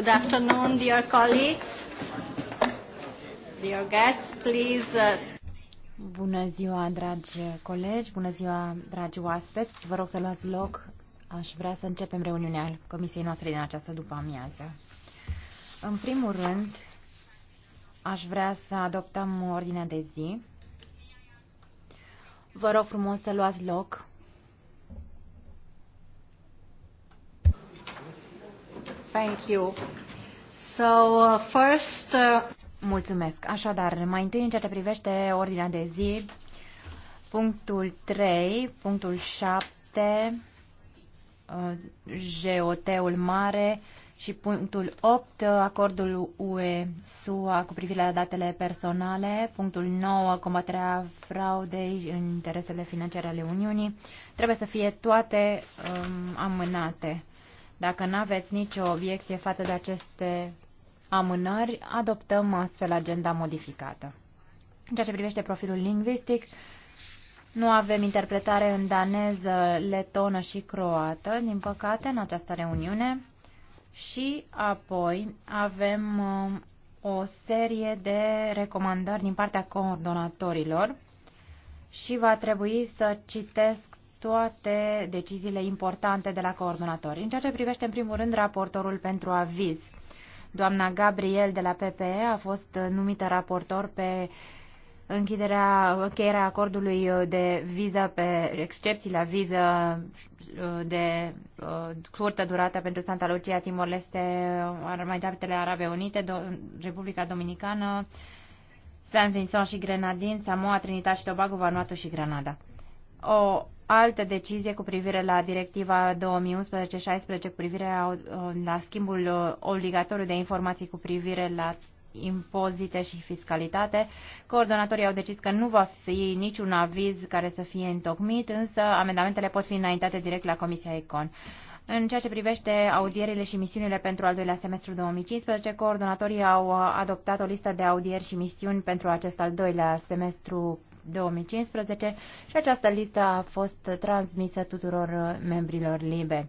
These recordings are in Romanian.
Good afternoon, dear colleagues. Dear guests, please. Uh, bună ziua, dragi colegi, bună ziua, dragi oaspeți. Vă rog să luați loc. Aș vrea să începem reuniunea comisiei noastre din această după-amiază. În primul rând, aș vrea să adoptăm ordinea de zi. Vă rog frumos să luați loc Thank you. So, uh, first, uh... Mulțumesc. Așadar, mai întâi în ceea ce privește ordinea de zi, punctul 3, punctul 7, uh, GOT-ul mare și punctul 8, uh, acordul UE-SUA cu privire la datele personale, punctul 9, combaterea fraudei în interesele financiare ale Uniunii, trebuie să fie toate um, amânate. Dacă nu aveți nicio obiecție față de aceste amânări, adoptăm astfel agenda modificată. În ceea ce privește profilul lingvistic, nu avem interpretare în daneză, letonă și croată, din păcate, în această reuniune. Și apoi avem um, o serie de recomandări din partea coordonatorilor și va trebui să citesc toate deciziile importante de la coordonatori. În ceea ce privește, în primul rând, raportorul pentru aviz. Doamna Gabriel de la PPE a fost numită raportor pe închiderea, încheierea acordului de viză pe excepții la viză de uh, scurtă durată pentru Santa Lucia, Timor-Leste, Armatele Arabe Unite, Do Republica Dominicană, San Vincent și Grenadin, Samoa, Trinitate și Tobago, Vanuatu și Granada. O altă decizie cu privire la directiva 2011-16 cu privire la uh, schimbul uh, obligatoriu de informații cu privire la impozite și fiscalitate. Coordonatorii au decis că nu va fi niciun aviz care să fie întocmit, însă amendamentele pot fi înaintate direct la Comisia Econ. În ceea ce privește audierile și misiunile pentru al doilea semestru 2015, coordonatorii au uh, adoptat o listă de audieri și misiuni pentru acest al doilea semestru 2015 și această listă a fost transmisă tuturor uh, membrilor LIBE.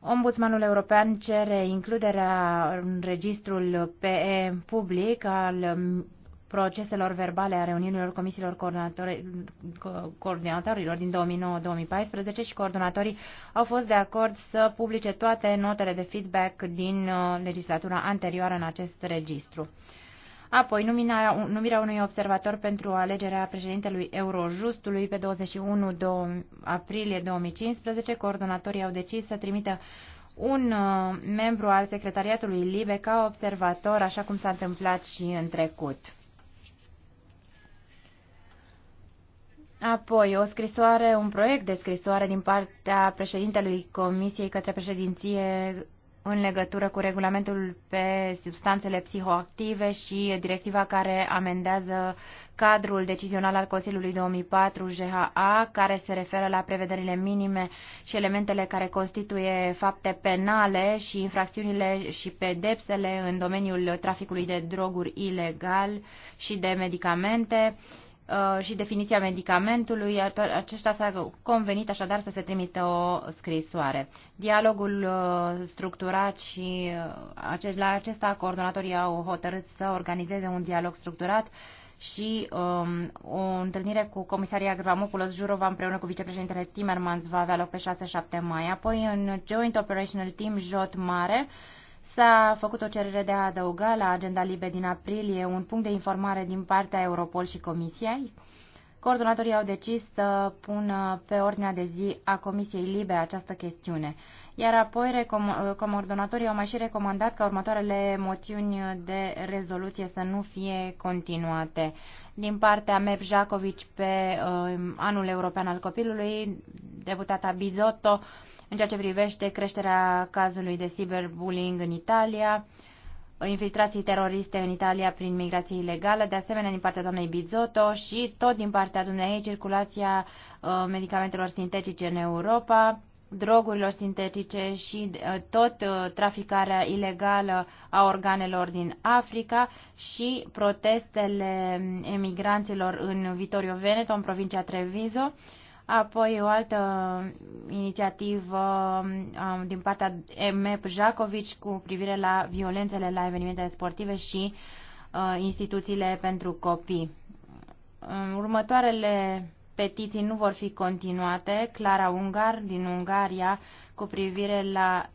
Ombudsmanul european cere includerea în registrul PE public al um, proceselor verbale a reuniunilor comisiilor coordonatorilor din 2009-2014 și coordonatorii au fost de acord să publice toate notele de feedback din uh, legislatura anterioară în acest registru. Apoi, numirea, numirea unui observator pentru alegerea președintelui Eurojustului pe 21 aprilie 2015, coordonatorii au decis să trimită un uh, membru al secretariatului LIBE ca observator, așa cum s-a întâmplat și în trecut. Apoi, o scrisoare, un proiect de scrisoare din partea președintelui Comisiei către președinție în legătură cu regulamentul pe substanțele psihoactive și directiva care amendează cadrul decizional al Consiliului 2004 GHA, care se referă la prevederile minime și elementele care constituie fapte penale și infracțiunile și pedepsele în domeniul traficului de droguri ilegal și de medicamente Uh, și definiția medicamentului. Aceștia s-a convenit așadar să se trimită o scrisoare. Dialogul uh, structurat și uh, acest, la acesta coordonatorii au hotărât să organizeze un dialog structurat și um, o întâlnire cu comisaria Gramopulos Jurova împreună cu vicepreședintele Timmermans va avea loc pe 6-7 mai. Apoi în Joint Operational Team Jot Mare uh, S-a făcut o cerere de a adăuga la agenda libe din aprilie un punct de informare din partea Europol și Comisiei. Coordonatorii au decis să pună pe ordinea de zi a Comisiei Libe această chestiune. Iar apoi coordonatorii au mai și recomandat ca următoarele moțiuni de rezoluție să nu fie continuate. Din partea MEP Jacovici pe uh, anul european al copilului, deputata Bizotto, uh, în ceea ce privește creșterea cazului de cyberbullying în Italia, infiltrații teroriste în Italia prin migrație ilegală, de asemenea din partea doamnei Bizotto și tot din partea dumneei circulația uh, medicamentelor sintetice în Europa, drogurilor sintetice și uh, tot uh, traficarea ilegală a organelor din Africa și protestele mm, emigranților în Vitorio Veneto, în provincia Treviso Apoi o altă inițiativă um, din partea MEP Jacovici cu privire la violențele la evenimentele sportive și uh, instituțiile pentru copii. Următoarele petiții nu vor fi continuate. Clara Ungar din Ungaria cu privire la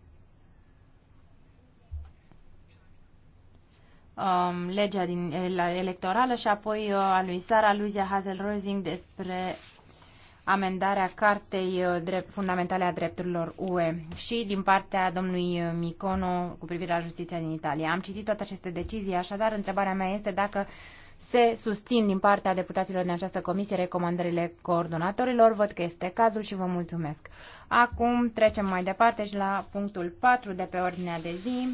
um, legea din, la, electorală și apoi uh, a lui Sara Luzia Hazel-Rosing despre amendarea Cartei uh, Fundamentale a Drepturilor UE și din partea domnului uh, Micono cu privire la justiția din Italia. Am citit toate aceste decizii, așadar întrebarea mea este dacă se susțin din partea deputaților din această comisie recomandările coordonatorilor. Văd că este cazul și vă mulțumesc. Acum trecem mai departe și la punctul 4 de pe ordinea de zi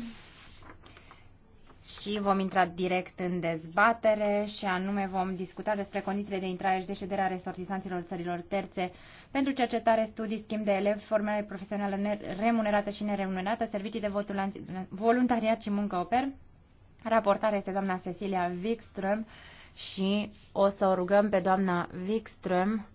și vom intra direct în dezbatere și anume vom discuta despre condițiile de intrare și de ședere a resortisanților țărilor terțe pentru cercetare, studii, schimb de elevi, formare profesională remunerată și neremunerată, servicii de voluntariat și muncă oper. Raportarea este doamna Cecilia Wikström și o să o rugăm pe doamna Wikström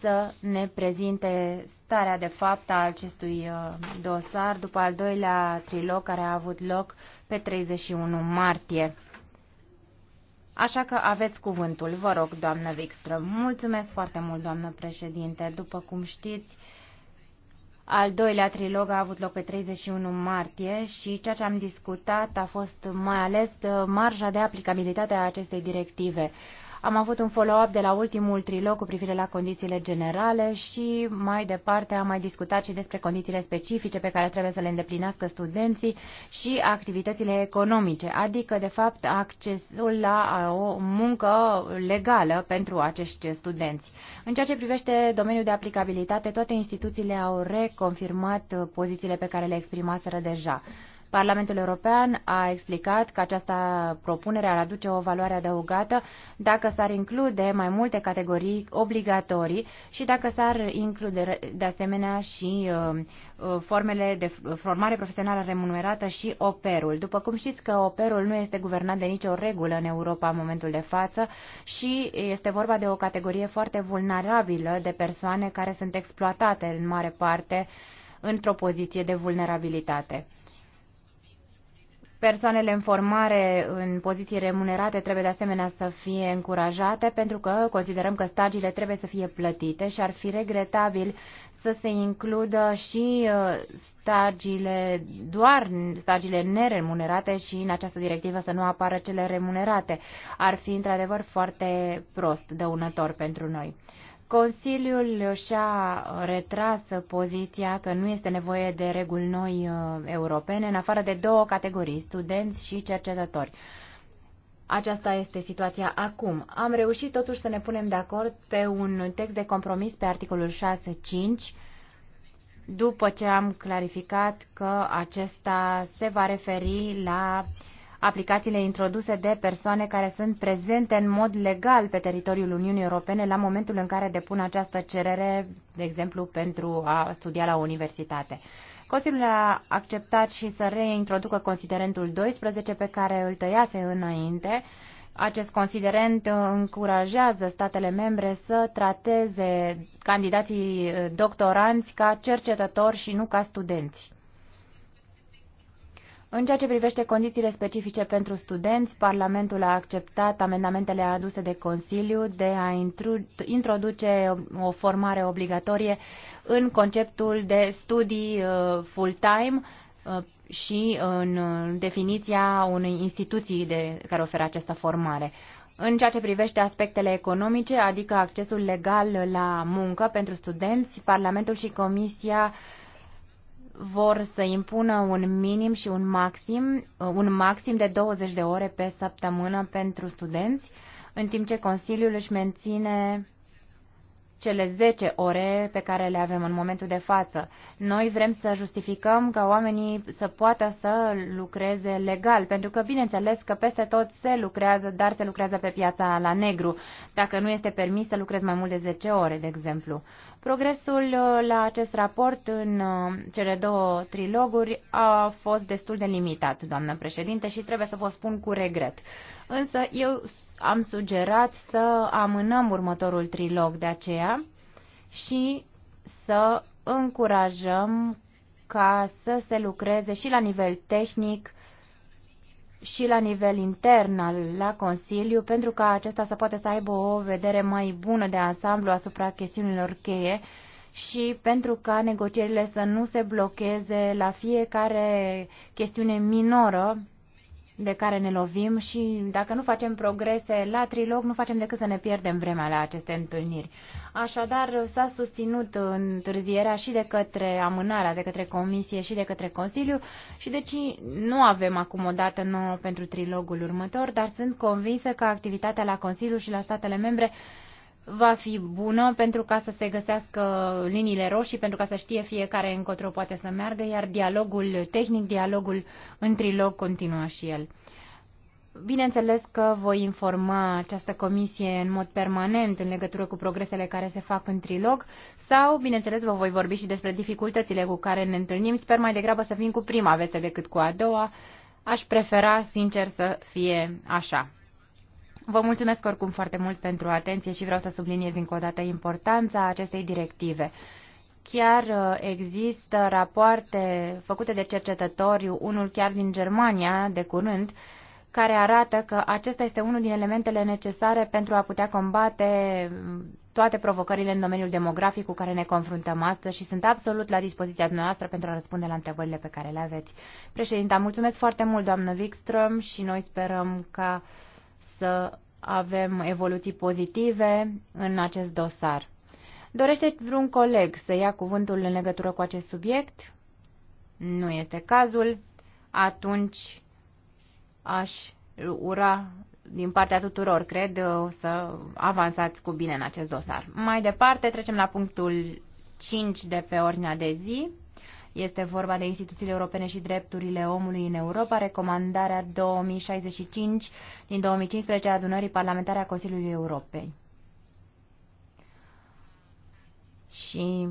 să ne prezinte starea de fapt a acestui uh, dosar după al doilea trilog care a avut loc pe 31 martie. Așa că aveți cuvântul, vă rog, doamnă Wikström. Mulțumesc foarte mult, doamnă președinte. După cum știți, al doilea trilog a avut loc pe 31 martie și ceea ce am discutat a fost mai ales uh, marja de aplicabilitate a acestei directive. Am avut un follow-up de la ultimul trilog cu privire la condițiile generale și mai departe am mai discutat și despre condițiile specifice pe care trebuie să le îndeplinească studenții și activitățile economice, adică, de fapt, accesul la o muncă legală pentru acești studenți. În ceea ce privește domeniul de aplicabilitate, toate instituțiile au reconfirmat pozițiile pe care le exprimaseră deja. Parlamentul European a explicat că această propunere ar aduce o valoare adăugată dacă s-ar include mai multe categorii obligatorii și dacă s-ar include de asemenea și uh, uh, formele de formare profesională remunerată și operul. După cum știți că operul nu este guvernat de nicio regulă în Europa în momentul de față și este vorba de o categorie foarte vulnerabilă de persoane care sunt exploatate în mare parte într-o poziție de vulnerabilitate. Persoanele în formare, în poziții remunerate, trebuie de asemenea să fie încurajate, pentru că considerăm că stagiile trebuie să fie plătite și ar fi regretabil să se includă și uh, stagiile, doar stagiile neremunerate și în această directivă să nu apară cele remunerate. Ar fi într-adevăr foarte prost dăunător pentru noi. Consiliul și-a retras poziția că nu este nevoie de reguli noi uh, europene, în afară de două categorii, studenți și cercetători. Aceasta este situația acum. Am reușit totuși să ne punem de acord pe un text de compromis pe articolul 6.5, după ce am clarificat că acesta se va referi la uh, aplicațiile introduse de persoane care sunt prezente în mod legal pe teritoriul Uniunii Europene la momentul în care depun această cerere, de exemplu, pentru a studia la universitate. Consiliul a acceptat și să reintroducă considerentul 12 pe care îl tăiase înainte. Acest considerent încurajează statele membre să trateze candidații doctoranți ca cercetători și nu ca studenți. În ceea ce privește condițiile specifice pentru studenți, Parlamentul a acceptat amendamentele aduse de Consiliu de a introduce o formare obligatorie în conceptul de studii uh, full-time uh, și în uh, definiția unei instituții de, care oferă această formare. În ceea ce privește aspectele economice, adică accesul legal la muncă pentru studenți, Parlamentul și Comisia uh, vor să impună un minim și un maxim, uh, un maxim de 20 de ore pe săptămână pentru studenți, în timp ce Consiliul își menține cele 10 ore pe care le avem în momentul de față. Noi vrem să justificăm ca oamenii să poată să lucreze legal, pentru că bineînțeles că peste tot se lucrează, dar se lucrează pe piața la negru, dacă nu este permis să lucrezi mai mult de 10 ore, de exemplu. Progresul uh, la acest raport în uh, cele două triloguri a fost destul de limitat, doamnă președinte, și trebuie să vă spun cu regret. Însă eu am sugerat să amânăm următorul trilog de aceea și să încurajăm ca să se lucreze și la nivel tehnic și la nivel intern al, la Consiliu, pentru ca acesta să poată să aibă o vedere mai bună de ansamblu asupra chestiunilor cheie și pentru ca negocierile să nu se blocheze la fiecare chestiune minoră de care ne lovim și dacă nu facem progrese la trilog, nu facem decât să ne pierdem vremea la aceste întâlniri. Așadar, s-a susținut întârzierea și de către amânarea, de către Comisie și de către Consiliu și deci nu avem acum o dată nouă pentru trilogul următor, dar sunt convinsă că activitatea la Consiliu și la statele membre va fi bună pentru ca să se găsească liniile roșii, pentru ca să știe fiecare încotro poate să meargă, iar dialogul tehnic, dialogul în trilog continuă și el. Bineînțeles că voi informa această comisie în mod permanent în legătură cu progresele care se fac în trilog sau, bineînțeles, vă voi vorbi și despre dificultățile cu care ne întâlnim. Sper mai degrabă să vin cu prima veste decât cu a doua. Aș prefera, sincer, să fie așa. Vă mulțumesc oricum foarte mult pentru atenție și vreau să subliniez încă o dată importanța acestei directive. Chiar uh, există rapoarte făcute de cercetători, unul chiar din Germania de curând, care arată că acesta este unul din elementele necesare pentru a putea combate mm, toate provocările în domeniul demografic cu care ne confruntăm astăzi și sunt absolut la dispoziția noastră pentru a răspunde la întrebările pe care le aveți. Președinta, mulțumesc foarte mult, doamnă Wikström, și noi sperăm ca să avem evoluții pozitive în acest dosar. Dorește vreun coleg să ia cuvântul în legătură cu acest subiect? Nu este cazul. Atunci aș ura din partea tuturor, cred, să avansați cu bine în acest dosar. Mai departe, trecem la punctul 5 de pe ordinea de zi. Este vorba de instituțiile europene și drepturile omului în Europa, recomandarea 2065 din 2015 a adunării parlamentare a Consiliului Europei. Și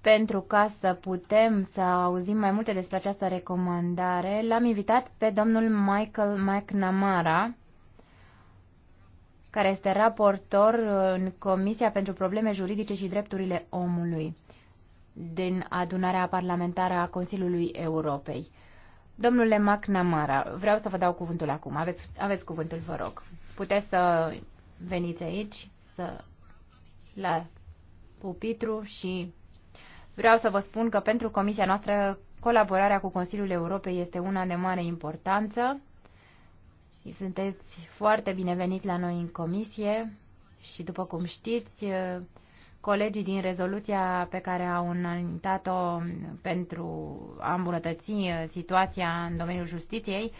pentru ca să putem să auzim mai multe despre această recomandare, l-am invitat pe domnul Michael McNamara, care este raportor în Comisia pentru Probleme Juridice și Drepturile Omului din adunarea parlamentară a Consiliului Europei. Domnule McNamara, vreau să vă dau cuvântul acum. Aveți, aveți cuvântul, vă rog. Puteți să veniți aici, să la pupitru și vreau să vă spun că pentru comisia noastră colaborarea cu Consiliul Europei este una de mare importanță. Sunteți foarte binevenit la noi în comisie și după cum știți, colegii din rezoluția pe care au înaintat-o pentru a îmbunătăți uh, situația în domeniul justiției,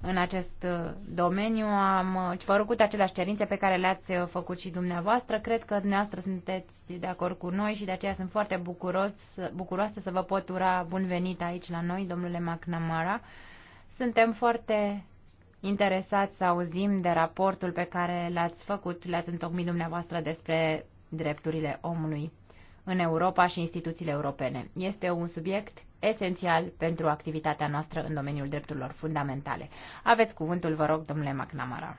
în acest uh, domeniu. Am uh, făcut aceleași cerințe pe care le-ați făcut și dumneavoastră. Cred că dumneavoastră sunteți de acord cu noi și de aceea sunt foarte bucuros, bucuroasă să vă pot ura bun venit aici la noi, domnule McNamara. Suntem foarte interesați să auzim de raportul pe care l-ați făcut, l-ați întocmit dumneavoastră despre drepturile omului în Europa și instituțiile europene. Este un subiect esențial pentru activitatea noastră în domeniul drepturilor fundamentale. Aveți cuvântul, vă rog, domnule McNamara.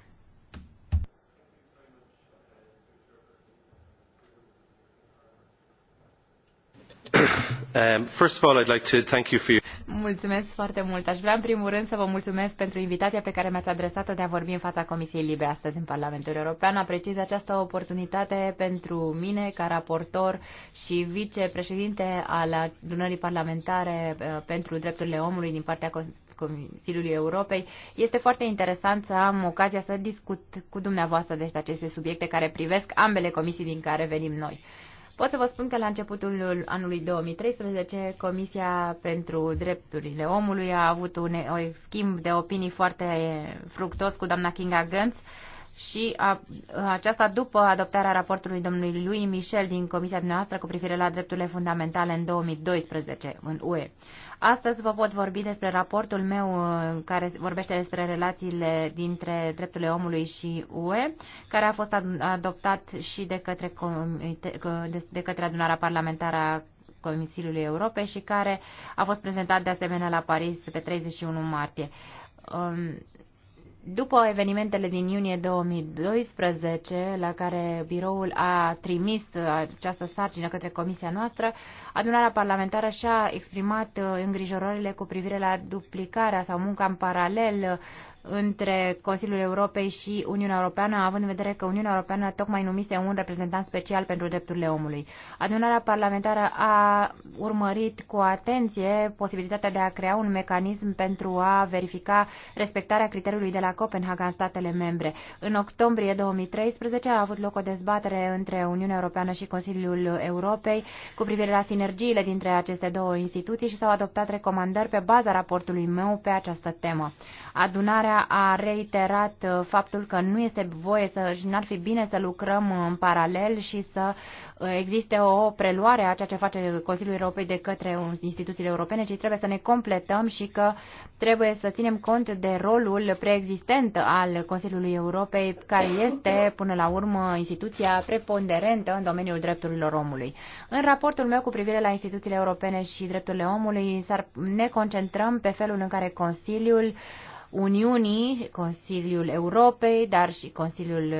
Um, first of all, I'd like to thank you for your Mulțumesc foarte mult. Aș vrea în primul rând să vă mulțumesc pentru invitația pe care mi-ați adresat-o de a vorbi în fața Comisiei Libe astăzi în Parlamentul European. Apreciez această oportunitate pentru mine ca raportor și vicepreședinte al adunării parlamentare uh, pentru drepturile omului din partea Consiliului Europei. Este foarte interesant să am ocazia să discut cu dumneavoastră despre aceste subiecte care privesc ambele comisii din care venim noi. Pot să vă spun că la începutul anului 2013 Comisia pentru Drepturile Omului a avut un, un schimb de opinii foarte fructos cu doamna Kinga Gantz și a, aceasta după adoptarea raportului domnului lui Michel din Comisia noastră cu privire la drepturile fundamentale în 2012 în UE. Astăzi vă pot vorbi despre raportul meu uh, care vorbește despre relațiile dintre drepturile omului și UE, care a fost adoptat și de către, de către adunarea parlamentară a Consiliului Europei și care a fost prezentat de asemenea la Paris pe 31 martie. Um, după evenimentele din iunie 2012, la care biroul a trimis această sarcină către comisia noastră, adunarea parlamentară și-a exprimat îngrijorările cu privire la duplicarea sau munca în paralel între Consiliul Europei și Uniunea Europeană, având în vedere că Uniunea Europeană tocmai numise un reprezentant special pentru drepturile omului. Adunarea parlamentară a urmărit cu atenție posibilitatea de a crea un mecanism pentru a verifica respectarea criteriului de la Copenhaga în statele membre. În octombrie 2013 a avut loc o dezbatere între Uniunea Europeană și Consiliul Europei cu privire la sinergiile dintre aceste două instituții și s-au adoptat recomandări pe baza raportului meu pe această temă. Adunarea a reiterat uh, faptul că nu este voie să și n-ar fi bine să lucrăm în paralel și să uh, existe o preluare a ceea ce face Consiliul Europei de către instituțiile europene, ci trebuie să ne completăm și că trebuie să ținem cont de rolul preexistent al Consiliului Europei, care este, până la urmă, instituția preponderentă în domeniul drepturilor omului. În raportul meu cu privire la instituțiile europene și drepturile omului, ne concentrăm pe felul în care Consiliul uh, Uniunii, Consiliul Europei, dar și Consiliul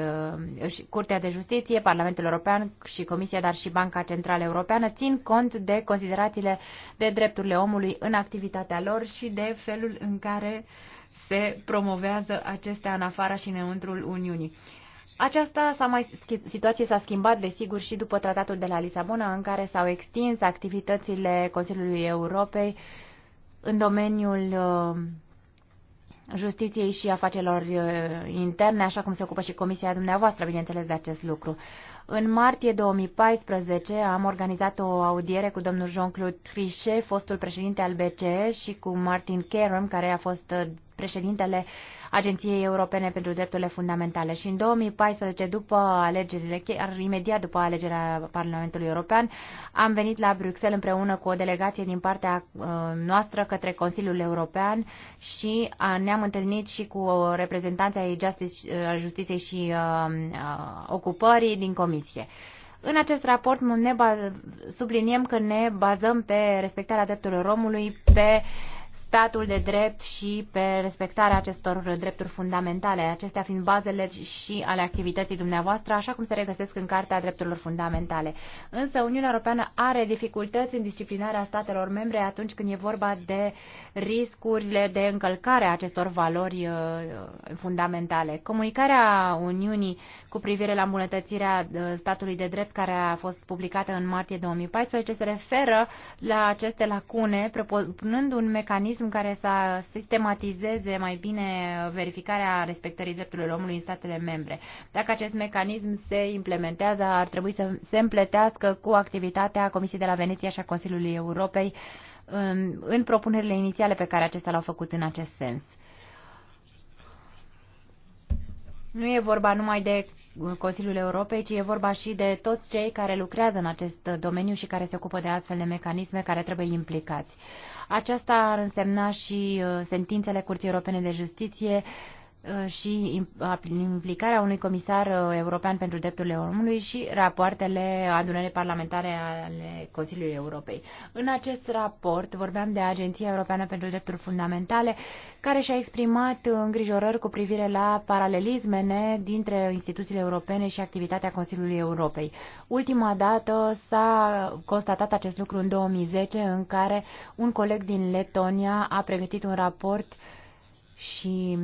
uh, și Curtea de Justiție, Parlamentul European și Comisia, dar și Banca Centrală Europeană țin cont de considerațiile de drepturile omului în activitatea lor și de felul în care se promovează acestea în afara și înăuntrul Uniunii. Aceasta s-a mai, situație s-a schimbat, desigur, și după tratatul de la Lisabona, în care s-au extins activitățile Consiliului Europei în domeniul uh, Justiției și Afacerilor uh, Interne, așa cum se ocupă și Comisia dumneavoastră, bineînțeles, de acest lucru. În martie 2014 am organizat o audiere cu domnul Jean-Claude Trichet, fostul președinte al BCE, și cu Martin Kerem, care a fost uh, președintele Agenției Europene pentru Drepturile Fundamentale. Și în 2014, după alegerile, chiar imediat după alegerea Parlamentului European, am venit la Bruxelles împreună cu o delegație din partea uh, noastră către Consiliul European și uh, ne-am întâlnit și cu reprezentanții ai Justiției uh, și Ocupării din Comisie. În acest raport ne baz- subliniem că ne bazăm pe respectarea drepturilor omului, pe uh, statul de drept și pe respectarea acestor drepturi fundamentale, acestea fiind bazele și ale activității dumneavoastră, așa cum se regăsesc în Cartea Drepturilor Fundamentale. Însă Uniunea Europeană are dificultăți în disciplinarea statelor membre atunci când e vorba de riscurile de încălcare a acestor valori uh, fundamentale. Comunicarea Uniunii cu privire la îmbunătățirea uh, statului de drept, care a fost publicată în martie 2014, se referă la aceste lacune, propunând un mecanism mecanism care să sistematizeze mai bine verificarea respectării drepturilor omului în statele membre. Dacă acest mecanism se implementează, ar trebui să se împletească cu activitatea Comisiei de la Veneția și a Consiliului Europei um, în propunerile inițiale pe care acestea le-au făcut în acest sens. Nu e vorba numai de uh, Consiliul Europei, ci e vorba și de toți cei care lucrează în acest uh, domeniu și care se ocupă de astfel de mecanisme care trebuie implicați. Aceasta ar însemna și uh, sentințele Curții Europene de Justiție, Uh, și implicarea unui comisar uh, european pentru drepturile omului și rapoartele adunării parlamentare ale Consiliului Europei. În acest raport vorbeam de Agenția Europeană pentru Drepturi Fundamentale, care și-a exprimat îngrijorări cu privire la paralelismene dintre instituțiile europene și activitatea Consiliului Europei. Ultima dată s-a constatat acest lucru în 2010, în care un coleg din Letonia a pregătit un raport și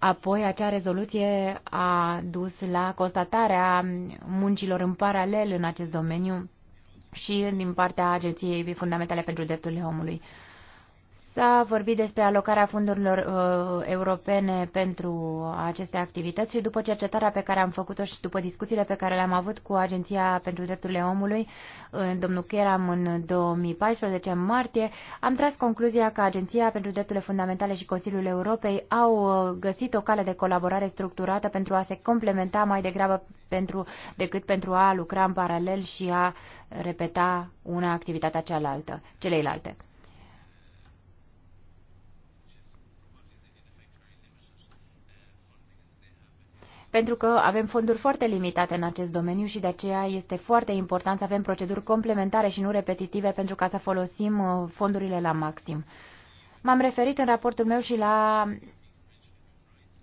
Apoi, acea rezoluție a dus la constatarea muncilor în paralel în acest domeniu și din partea Agenției Fundamentale pentru Drepturile Omului. S-a vorbit despre alocarea fondurilor uh, europene pentru aceste activități și după cercetarea pe care am făcut-o și după discuțiile pe care le-am avut cu Agenția pentru Drepturile Omului, uh, domnul Cheram în 2014, în martie, am tras concluzia că Agenția pentru Drepturile Fundamentale și Consiliul Europei au uh, găsit o cale de colaborare structurată pentru a se complementa mai degrabă pentru, decât pentru a lucra în paralel și a repeta una activitatea cealaltă, celeilalte. pentru că avem fonduri foarte limitate în acest domeniu și de aceea este foarte important să avem proceduri complementare și nu repetitive pentru ca să folosim uh, fondurile la maxim. M-am referit în raportul meu și la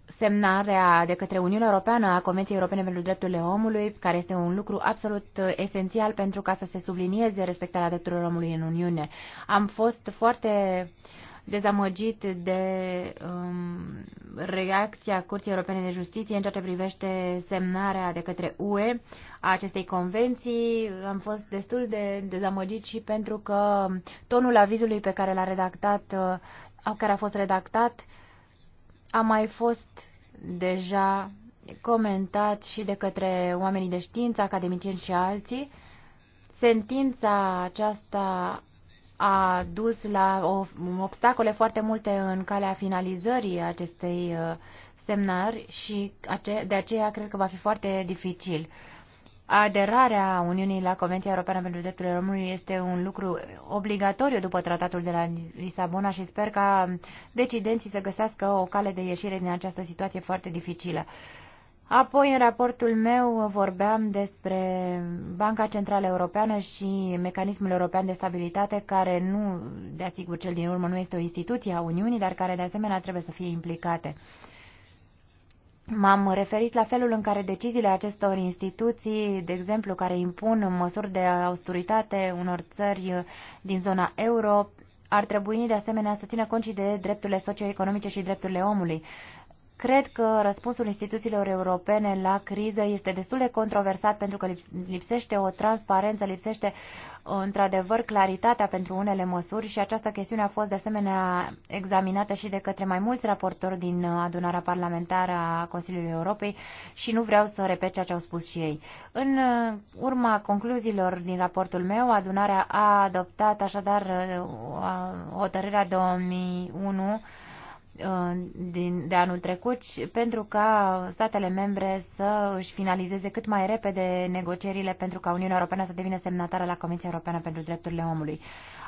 semnarea de către Uniunea Europeană a Convenției Europene pentru Drepturile Omului, care este un lucru absolut uh, esențial pentru ca să se sublinieze respectarea drepturilor omului în Uniune. Am fost foarte uh, dezamăgit de um, reacția Curții Europene de Justiție în ceea ce privește semnarea de către UE a acestei convenții. Am fost destul de dezamăgit și pentru că tonul avizului pe care l-a redactat, uh, care a fost redactat, a mai fost deja comentat și de către oamenii de știință, academicieni și alții. Sentința aceasta a dus la o, obstacole foarte multe în calea finalizării acestei uh, semnări și de aceea cred că va fi foarte dificil. Aderarea Uniunii la Convenția Europeană pentru Drepturile Românului este un lucru obligatoriu după tratatul de la Lisabona și sper ca um, decidenții să găsească o cale de ieșire din această situație foarte dificilă. Apoi, în raportul meu, vorbeam despre Banca Centrală Europeană și Mecanismul European de Stabilitate, care nu, de asigur, cel din urmă nu este o instituție a Uniunii, dar care, de asemenea, trebuie să fie implicate. M-am referit la felul în care deciziile acestor instituții, de exemplu, care impun măsuri de austeritate unor țări din zona euro, ar trebui de asemenea să țină cont și de drepturile socioeconomice și drepturile omului. Cred că răspunsul instituțiilor europene la criză este destul de controversat pentru că lipsește o transparență, lipsește într-adevăr claritatea pentru unele măsuri și această chestiune a fost de asemenea examinată și de către mai mulți raportori din adunarea parlamentară a Consiliului Europei și nu vreau să repet ceea ce au spus și ei. În uh, urma concluziilor din raportul meu, adunarea a adoptat așadar uh, hotărârea 2001 Uh, din, de anul trecut pentru ca statele membre să își finalizeze cât mai repede negocierile pentru ca Uniunea Europeană să devină semnatară la Comisia Europeană pentru Drepturile Omului.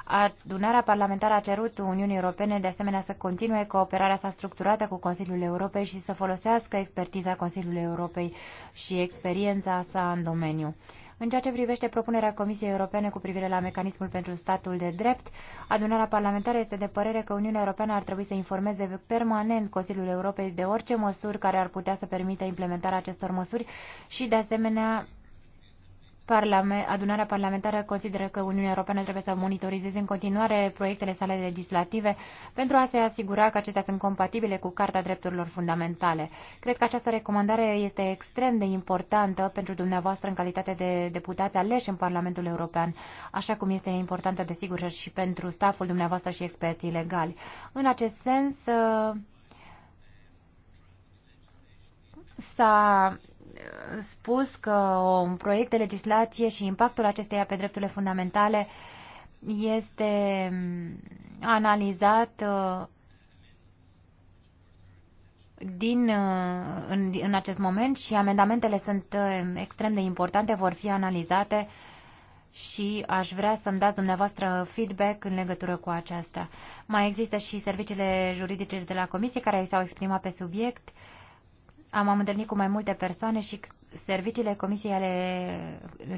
Adunarea parlamentară a cerut Uniunii Europene de asemenea să continue cooperarea sa structurată cu Consiliul Europei și să folosească expertiza Consiliului Europei și experiența sa în domeniu. În ceea ce privește propunerea Comisiei Europene cu privire la mecanismul pentru statul de drept, adunarea parlamentară este de părere că Uniunea Europeană ar trebui să informeze permanent Consiliul Europei de orice măsuri care ar putea să permită implementarea acestor măsuri și, de asemenea, adunarea parlamentară consideră că Uniunea Europeană trebuie să monitorizeze în continuare proiectele sale legislative pentru a se asigura că acestea sunt compatibile cu Carta Drepturilor Fundamentale. Cred că această recomandare este extrem de importantă pentru dumneavoastră în calitate de deputați aleși în Parlamentul European, așa cum este importantă, desigur, și pentru staful dumneavoastră și experții legali. În acest sens, uh, s-a spus că un proiect de legislație și impactul acesteia pe drepturile fundamentale este mm, analizat uh, din, uh, în, în acest moment și amendamentele sunt uh, extrem de importante, vor fi analizate și aș vrea să-mi dați dumneavoastră feedback în legătură cu aceasta. Mai există și serviciile juridice de la Comisie care s-au exprimat pe subiect. Uh, am întâlnit cu mai multe persoane și serviciile comisiei ale,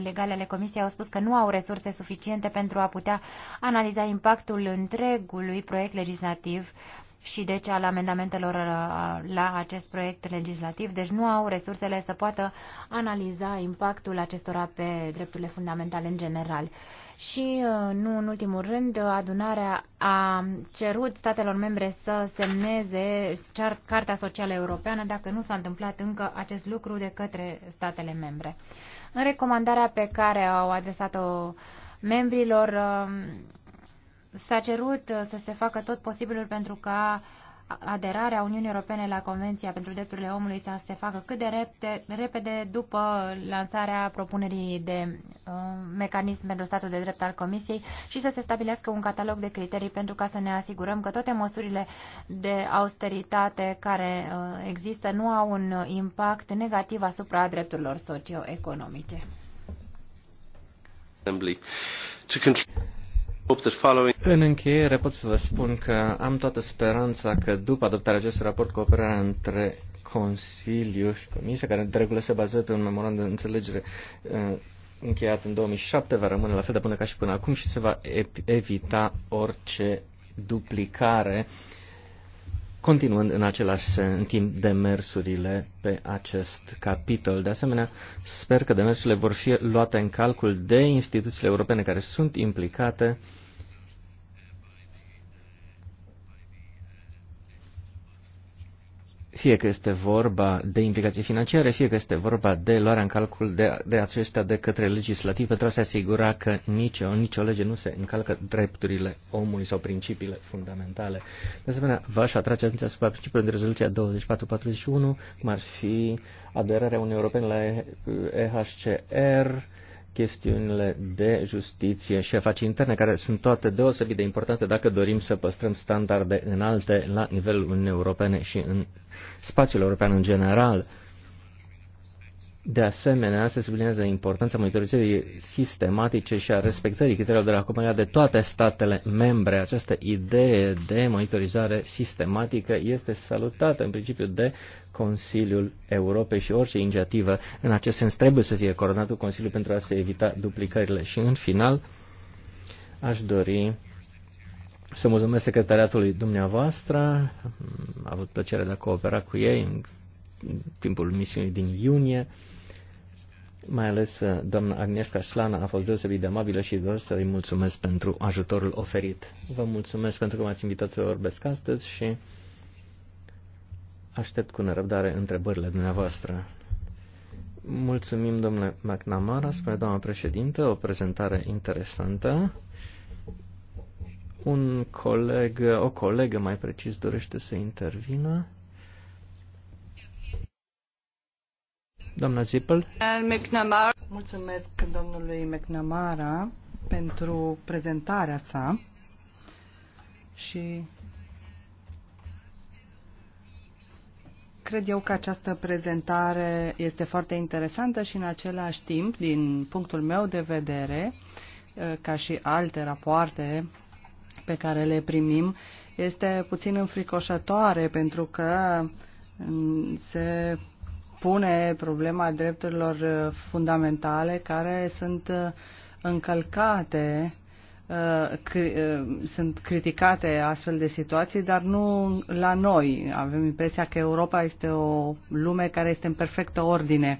legale ale comisiei au spus că nu au resurse suficiente pentru a putea analiza impactul întregului proiect legislativ uh, și deci al amendamentelor uh, la acest proiect legislativ, deci nu au resursele să poată analiza impactul acestora pe drepturile fundamentale în general. Și, uh, nu în ultimul rând, adunarea a cerut statelor membre să semneze Carta Socială Europeană dacă nu s-a întâmplat încă acest lucru de către statele membre. În recomandarea pe care au adresat-o membrilor, uh, S-a cerut uh, să se facă tot posibilul pentru ca aderarea Uniunii Europene la Convenția pentru Drepturile Omului să se facă cât de repede, repede după lansarea propunerii de uh, mecanism pentru statul de drept al Comisiei și să se stabilească un catalog de criterii pentru ca să ne asigurăm că toate măsurile de austeritate care uh, există nu au un impact negativ asupra drepturilor socioeconomice. Assembly. În încheiere pot să vă spun că am toată speranța că după adoptarea acestui raport cooperarea între Consiliu și Comisia, care de regulă se bazează pe un memorandum de înțelegere uh, încheiat în 2007, va rămâne la fel de bună ca și până acum și se va evita orice duplicare uh, continuând în același sens, în timp demersurile pe acest capitol. De asemenea, sper că demersurile vor fi luate în calcul de instituțiile europene care sunt implicate uh, fie că este vorba de implicații financiare, fie că este vorba de luarea în calcul de, de acestea de către legislativ pentru a se asigura că nicio, nicio lege nu se încalcă drepturile omului sau principiile fundamentale. De asemenea, v-aș atrage atenția asupra principiului de rezoluție 2441, cum ar fi aderarea Uniunii Europene la EHCR, chestiunile de justiție și afaceri interne, care sunt toate deosebit de importante dacă dorim să păstrăm standarde înalte la nivelul Uniunii Europene și în spațiul european în general. De asemenea, se sublinează importanța monitorizării sistematice și a respectării criteriilor de la acoperire de toate statele membre. Această idee de monitorizare sistematică este salutată în principiu de Consiliul Europei și orice inițiativă în acest sens trebuie să fie coordonată cu Consiliul pentru a se evita duplicările. Și în final, aș dori să mulțumesc secretariatului dumneavoastră. Am avut plăcerea de a coopera cu ei în timpul misiunii din iunie mai ales uh, doamna Agnieszka Slana a fost deosebit de amabilă și doresc să îi mulțumesc pentru ajutorul oferit. Vă mulțumesc pentru că m-ați invitat să vorbesc astăzi și aștept cu nerăbdare întrebările dumneavoastră. Mulțumim, domnule McNamara, spune doamna președintă, o prezentare interesantă. Un coleg, o colegă mai precis, dorește să intervină. Doamna Zippel. Mulțumesc domnului McNamara pentru prezentarea sa și cred eu că această prezentare este foarte interesantă și în același timp, din punctul meu de vedere, ca și alte rapoarte pe care le primim, este puțin înfricoșătoare pentru că se pune problema drepturilor uh, fundamentale care sunt uh, încălcate, uh, sunt criticate astfel de situații, dar nu la noi. Avem impresia că Europa este o lume care este în perfectă ordine.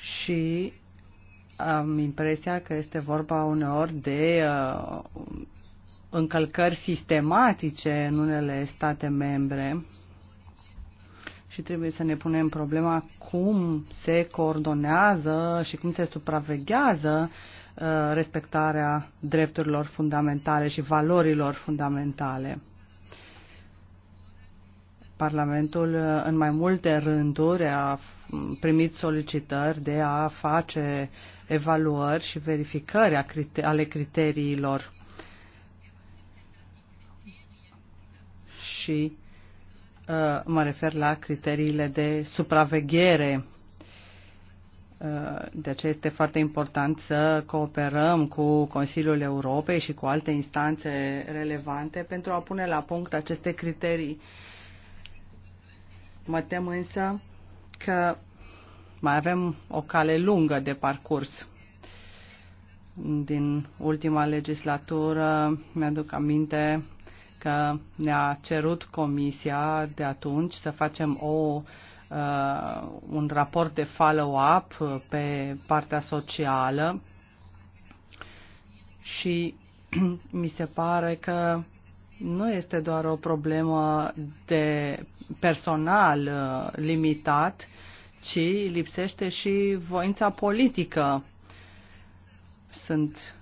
Și am impresia că este vorba uneori de încălcări sistematice în unele state membre și trebuie să ne punem problema cum se coordonează și cum se supraveghează uh, respectarea drepturilor fundamentale și valorilor fundamentale. Parlamentul uh, în mai multe rânduri a primit solicitări de a face evaluări și verificări ale criteriilor și Uh, mă refer la criteriile de supraveghere. Uh, de aceea este foarte important să cooperăm cu Consiliul Europei și cu alte instanțe relevante pentru a pune la punct aceste criterii. Mă tem însă că mai avem o cale lungă de parcurs. Din ultima legislatură mi-aduc aminte că ne-a cerut Comisia de atunci să facem o, uh, un raport de follow-up pe partea socială și mi se pare că nu este doar o problemă de personal uh, limitat, ci lipsește și voința politică. Sunt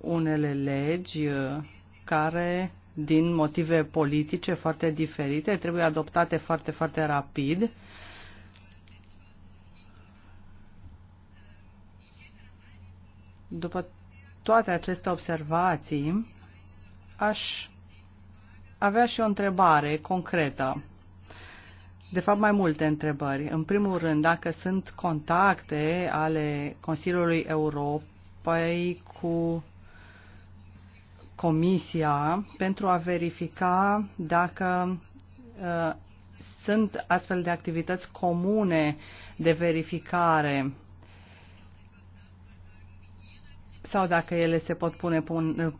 unele legi uh, care din motive politice foarte diferite, trebuie adoptate foarte, foarte rapid. După toate aceste observații, aș avea și o întrebare concretă. De fapt, mai multe întrebări. În primul rând, dacă sunt contacte ale Consiliului Europei cu Comisia pentru a verifica dacă uh, sunt astfel de activități comune de verificare sau dacă ele se pot pune, pun,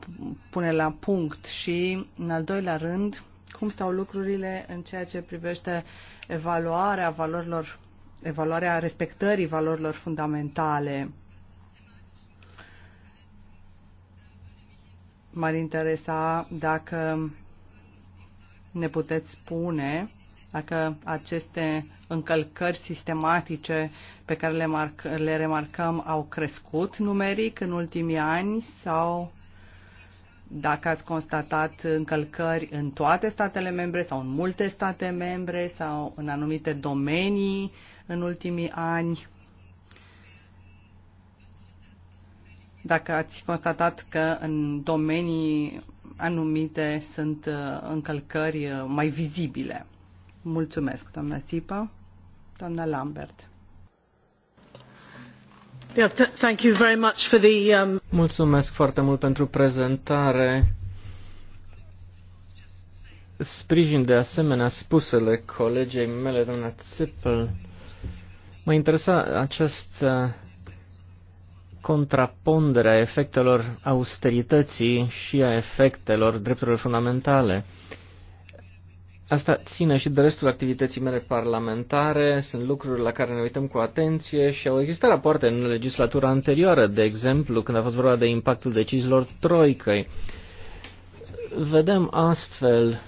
pune la punct și, în al doilea rând, cum stau lucrurile în ceea ce privește evaluarea valorilor, evaluarea respectării valorilor fundamentale M-ar interesa dacă ne puteți spune dacă aceste încălcări sistematice pe care le, marc- le remarcăm au crescut numeric în ultimii ani sau dacă ați constatat încălcări în toate statele membre sau în multe state membre sau în anumite domenii în ultimii ani. dacă ați constatat că în domenii anumite sunt uh, încălcări uh, mai vizibile. Mulțumesc, doamna Țipa. Doamna Lambert. Um, Mulțumesc foarte mult pentru prezentare. Sprijin de asemenea spusele colegei mele, doamna Țipă. Mă interesa această contrapondere a efectelor austerității și a efectelor drepturilor fundamentale. Asta ține și de restul activității mele parlamentare, sunt lucruri la care ne uităm cu atenție și au existat rapoarte în legislatura anterioară, de exemplu, când a fost vorba de impactul deciziilor troicăi. Vedem astfel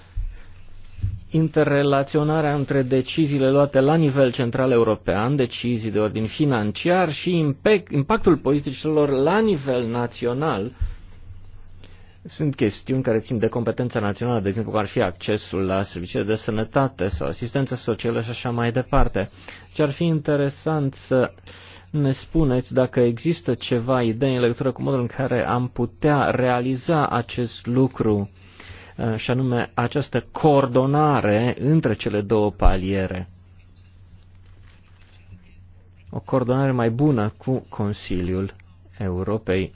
interrelaționarea între deciziile luate la nivel central european, decizii de ordin financiar și impactul politicilor la nivel național. Sunt chestiuni care țin de competența națională, de exemplu, cum ar fi accesul la serviciile de sănătate sau asistență socială și așa mai departe. Ce deci ar fi interesant să ne spuneți dacă există ceva idei în legătură cu modul în care am putea realiza acest lucru Uh, și anume această coordonare între cele două paliere. O coordonare mai bună cu Consiliul Europei,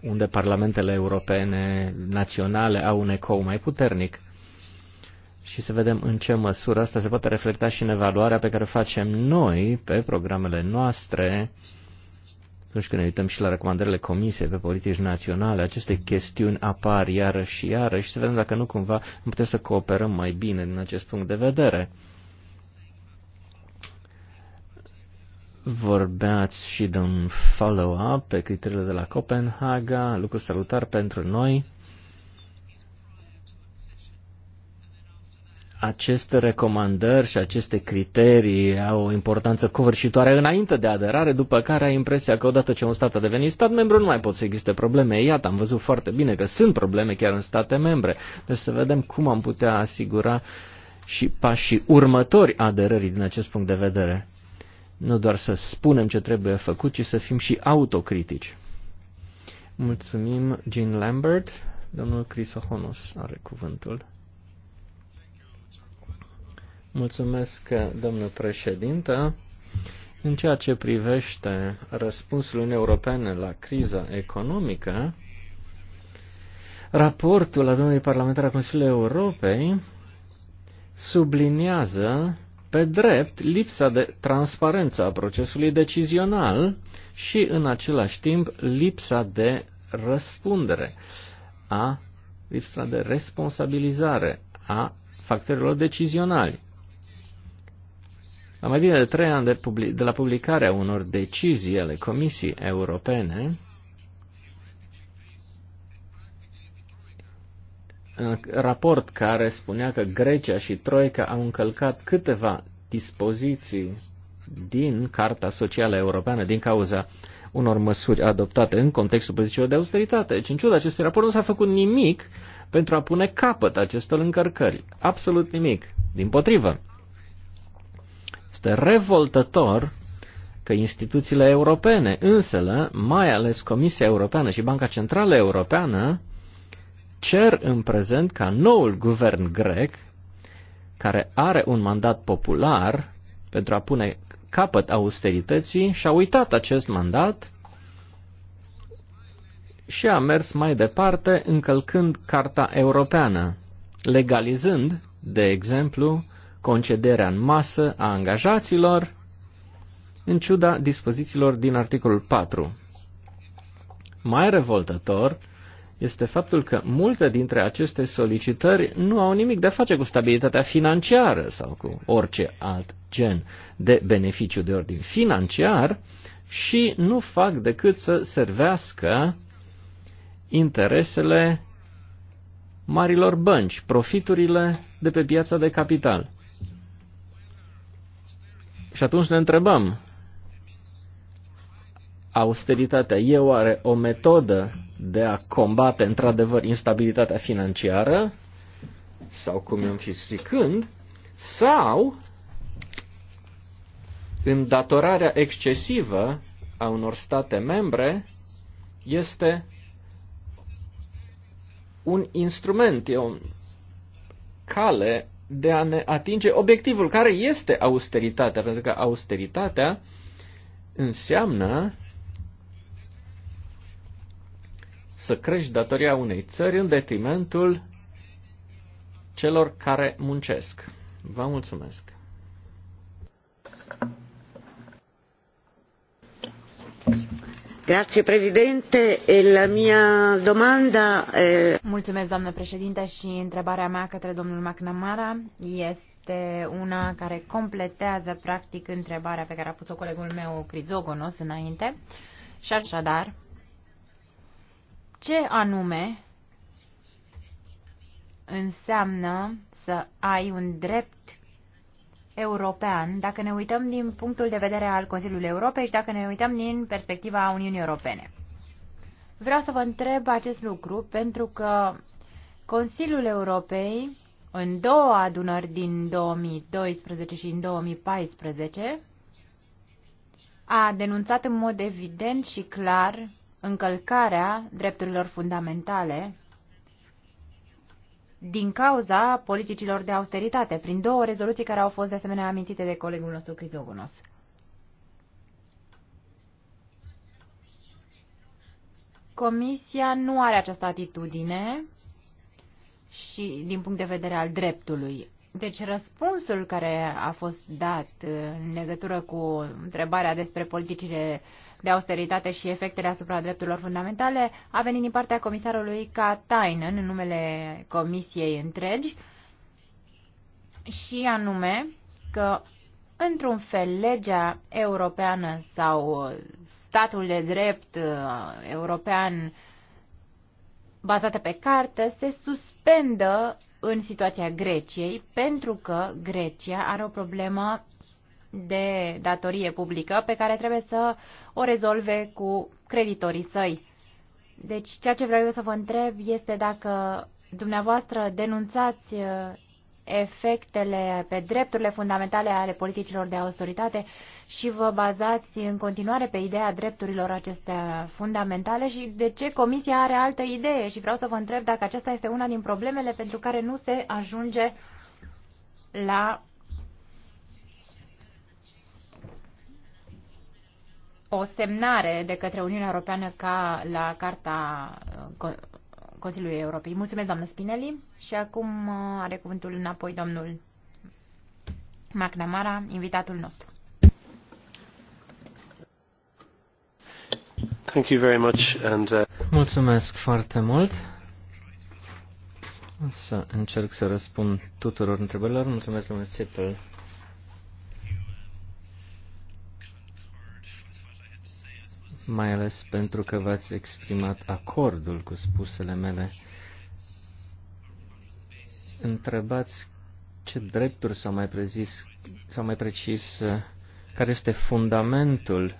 unde parlamentele europene naționale au un ecou mai puternic și să vedem în ce măsură asta se poate reflecta și în evaluarea pe care o facem noi pe programele noastre atunci când ne uităm și la recomandările comisiei pe politici naționale, aceste chestiuni apar iarăși și iarăși și să vedem dacă nu cumva nu putem să cooperăm mai bine din acest punct de vedere. Vorbeați și de un follow-up pe criteriile de la Copenhaga, lucru salutar pentru noi. aceste recomandări și aceste criterii au o importanță covârșitoare înainte de aderare, după care ai impresia că odată ce un stat a devenit stat membru nu mai pot să existe probleme. Iată, am văzut foarte bine că sunt probleme chiar în state membre. Deci să vedem cum am putea asigura și pașii următori aderării din acest punct de vedere. Nu doar să spunem ce trebuie făcut, ci să fim și autocritici. Mulțumim, Jean Lambert. Domnul Crisohonos are cuvântul. Mulțumesc, domnul președinte. În ceea ce privește răspunsul Uniunii Europene la criza economică, raportul la domnului parlamentar al Consiliului Europei subliniază pe drept lipsa de transparență a procesului decizional și în același timp lipsa de răspundere a lipsa de responsabilizare a factorilor decizionali. La mai bine de trei ani de, public, de la publicarea unor decizii ale Comisiei Europene, raport care spunea că Grecia și Troica au încălcat câteva dispoziții din Carta Socială Europeană din cauza unor măsuri adoptate în contextul politicilor de austeritate. Deci, în ciuda acestui raport, nu s-a făcut nimic pentru a pune capăt acestor încărcări. Absolut nimic. Din potrivă, este revoltător că instituțiile europene însele, mai ales Comisia Europeană și Banca Centrală Europeană, cer în prezent ca noul guvern grec, care are un mandat popular pentru a pune capăt austerității, și-a uitat acest mandat și a mers mai departe încălcând Carta Europeană, legalizând, de exemplu, concederea în masă a angajaților, în ciuda dispozițiilor din articolul 4. Mai revoltător este faptul că multe dintre aceste solicitări nu au nimic de a face cu stabilitatea financiară sau cu orice alt gen de beneficiu de ordin financiar și nu fac decât să servească interesele marilor bănci, profiturile de pe piața de capital. Și atunci ne întrebăm, austeritatea e oare o metodă de a combate într-adevăr instabilitatea financiară, sau cum i-am fi stricând, sau îndatorarea excesivă a unor state membre este un instrument, e o cale de a ne atinge obiectivul, care este austeritatea, pentru că austeritatea înseamnă să crești datoria unei țări în detrimentul celor care muncesc. Vă mulțumesc! la Mulțumesc, doamnă președinte, și întrebarea mea către domnul McNamara este una care completează practic întrebarea pe care a pus-o colegul meu Crizogonos înainte. Și așadar, ce anume înseamnă să ai un drept european, dacă ne uităm din punctul de vedere al Consiliului Europei și dacă ne uităm din perspectiva Uniunii Europene. Vreau să vă întreb acest lucru pentru că Consiliul Europei, în două adunări din 2012 și în 2014, a denunțat în mod evident și clar încălcarea drepturilor fundamentale din cauza politicilor de austeritate, prin două rezoluții care au fost de asemenea amintite de colegul nostru Crizogonos. Comisia nu are această atitudine și din punct de vedere al dreptului. Deci răspunsul care a fost dat în legătură cu întrebarea despre politicile uh, de austeritate și efectele asupra drepturilor fundamentale a venit din partea comisarului Katainen în numele comisiei întregi și anume că într-un fel legea europeană sau statul de drept uh, european bazată pe carte se suspendă în situația Greciei pentru că Grecia are o problemă de datorie publică pe care trebuie să o rezolve cu creditorii săi. Deci ceea ce vreau eu să vă întreb este dacă dumneavoastră denunțați uh, efectele pe drepturile fundamentale ale politicilor de austeritate și vă bazați în continuare pe ideea drepturilor acestea fundamentale și de ce Comisia are altă idee și vreau să vă întreb dacă aceasta este una din problemele pentru care nu se ajunge la o semnare de către Uniunea Europeană ca la Carta uh, Consiliului Europei. Mulțumesc, doamnă Spinelli. Și acum uh, are cuvântul înapoi domnul McNamara, invitatul nostru. Thank you very much and, uh... Mulțumesc foarte mult. O să încerc să răspund tuturor întrebărilor. Mulțumesc, domnule Țipel, mai ales pentru că v-ați exprimat acordul cu spusele mele. Întrebați ce drepturi s-au mai prezis, sau mai precis, care este fundamentul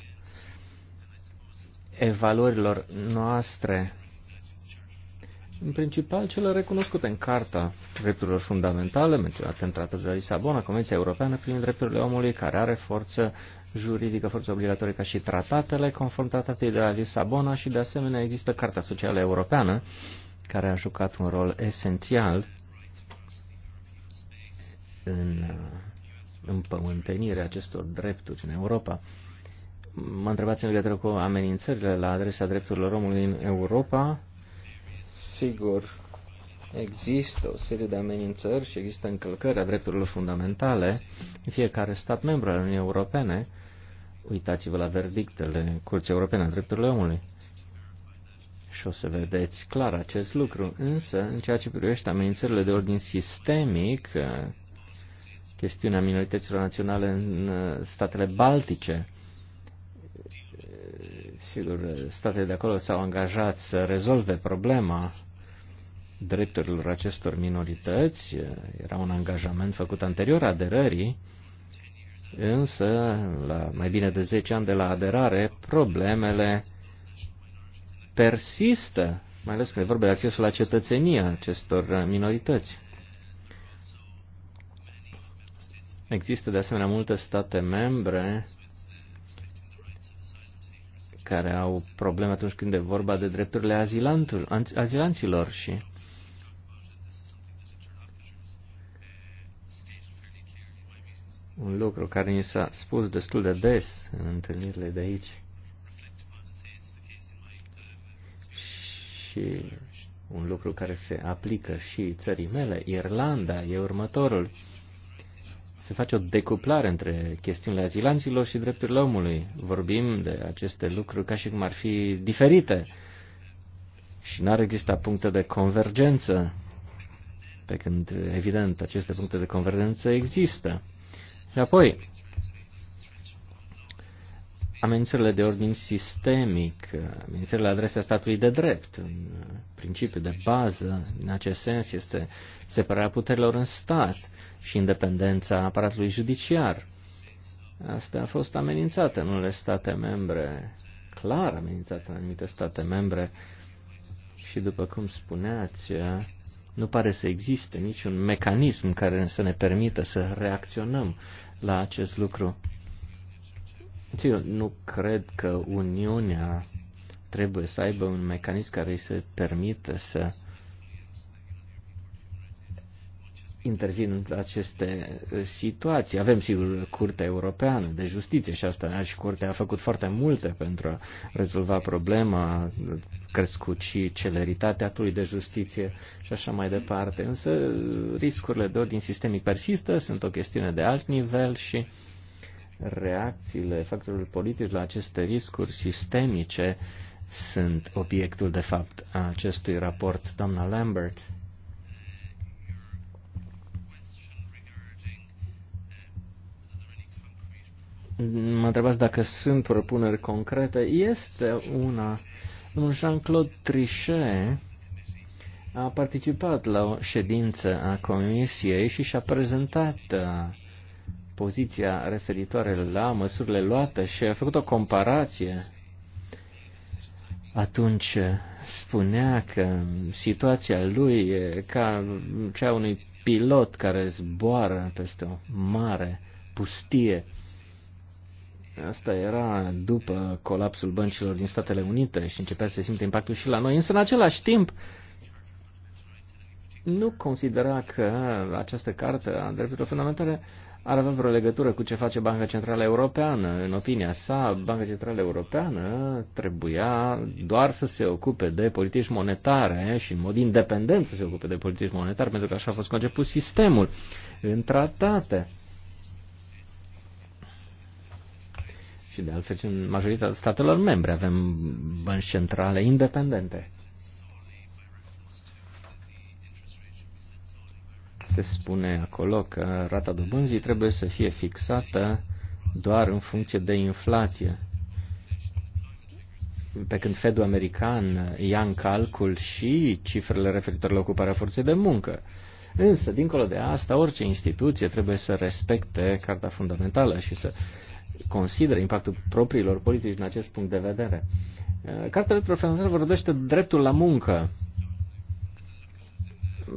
evaluărilor noastre, în principal cele recunoscute în Carta Drepturilor Fundamentale, menționată în Tratatul de la Lisabona, Convenția Europeană privind drepturile omului, care are forță juridică forță obligatorie ca și tratatele, conform tratatului de la Lisabona și de asemenea există Carta Socială Europeană, care a jucat un rol esențial în uh, împământenirea acestor drepturi în Europa. Mă întrebați în legătură cu amenințările la adresa drepturilor omului în Europa. Sigur, Există o serie de amenințări și există încălcări a drepturilor fundamentale în fiecare stat membru al Uniunii Europene. Uitați-vă la verdictele Curții Europene a Drepturilor Omului și o să vedeți clar acest lucru. Însă, în ceea ce privește amenințările de ordin sistemic, chestiunea minorităților naționale în uh, statele baltice, uh, sigur, uh, statele de acolo s-au angajat să rezolve problema drepturilor acestor minorități. Era un angajament făcut anterior aderării, însă, la mai bine de 10 ani de la aderare, problemele persistă, mai ales când e vorba de accesul la cetățenia acestor minorități. Există de asemenea multe state membre care au probleme atunci când e vorba de drepturile azilanților și un lucru care ni s-a spus destul de des în întâlnirile de aici. Și un lucru care se aplică și țării mele, Irlanda, e următorul. Se face o decuplare între chestiunile azilanților și drepturile omului. Vorbim de aceste lucruri ca și cum ar fi diferite și n-ar exista puncte de convergență, pe când, evident, aceste puncte de convergență există. Și apoi, amenințările de ordin sistemic, amenințările adresa statului de drept, în principiu de bază, în acest sens, este separarea puterilor în stat și independența aparatului judiciar. Asta a fost amenințată în unele state membre, clar amenințată în anumite state membre și, după cum spuneați, nu pare să existe niciun mecanism care să ne permită să reacționăm la acest lucru. Eu nu cred că Uniunea trebuie să aibă un mecanism care îi se permită să uh, intervin în aceste uh, situații. Avem, sigur, Curtea Europeană de Justiție și asta și Curtea a făcut foarte multe pentru a rezolva problema, crescut și celeritatea actului de justiție și așa mai departe. Însă riscurile de ordin sistemic persistă, sunt o chestiune de alt nivel și reacțiile factorilor politici la aceste riscuri sistemice sunt obiectul, de fapt, a acestui raport. Doamna Lambert mă întrebați dacă sunt propuneri concrete. Este una. Domnul Jean-Claude Trichet a participat la o ședință a Comisiei și și-a prezentat uh, poziția referitoare la măsurile luate și a făcut o comparație. Atunci uh, spunea că situația lui e ca cea unui pilot care zboară peste o mare pustie Asta era după colapsul băncilor din Statele Unite și începea să se simte impactul și la noi. Însă, în același timp, nu considera că această carte a drepturilor fundamentale ar avea vreo legătură cu ce face Banca Centrală Europeană. În opinia sa, Banca Centrală Europeană trebuia doar să se ocupe de politici monetare și în mod independent să se ocupe de politici monetare, pentru că așa a fost conceput sistemul în tratate. și de altfel în majoritatea statelor membre avem bănci centrale independente. Se spune acolo că rata dobânzii trebuie să fie fixată doar în funcție de inflație. Pe când Fedul american ia în calcul și cifrele referitoare la ocuparea forței de muncă. Însă, dincolo de asta, orice instituție trebuie să respecte Carta Fundamentală și să consideră impactul propriilor politici în acest punct de vedere. Eh, Cartea lui profesor vorbește dreptul la muncă.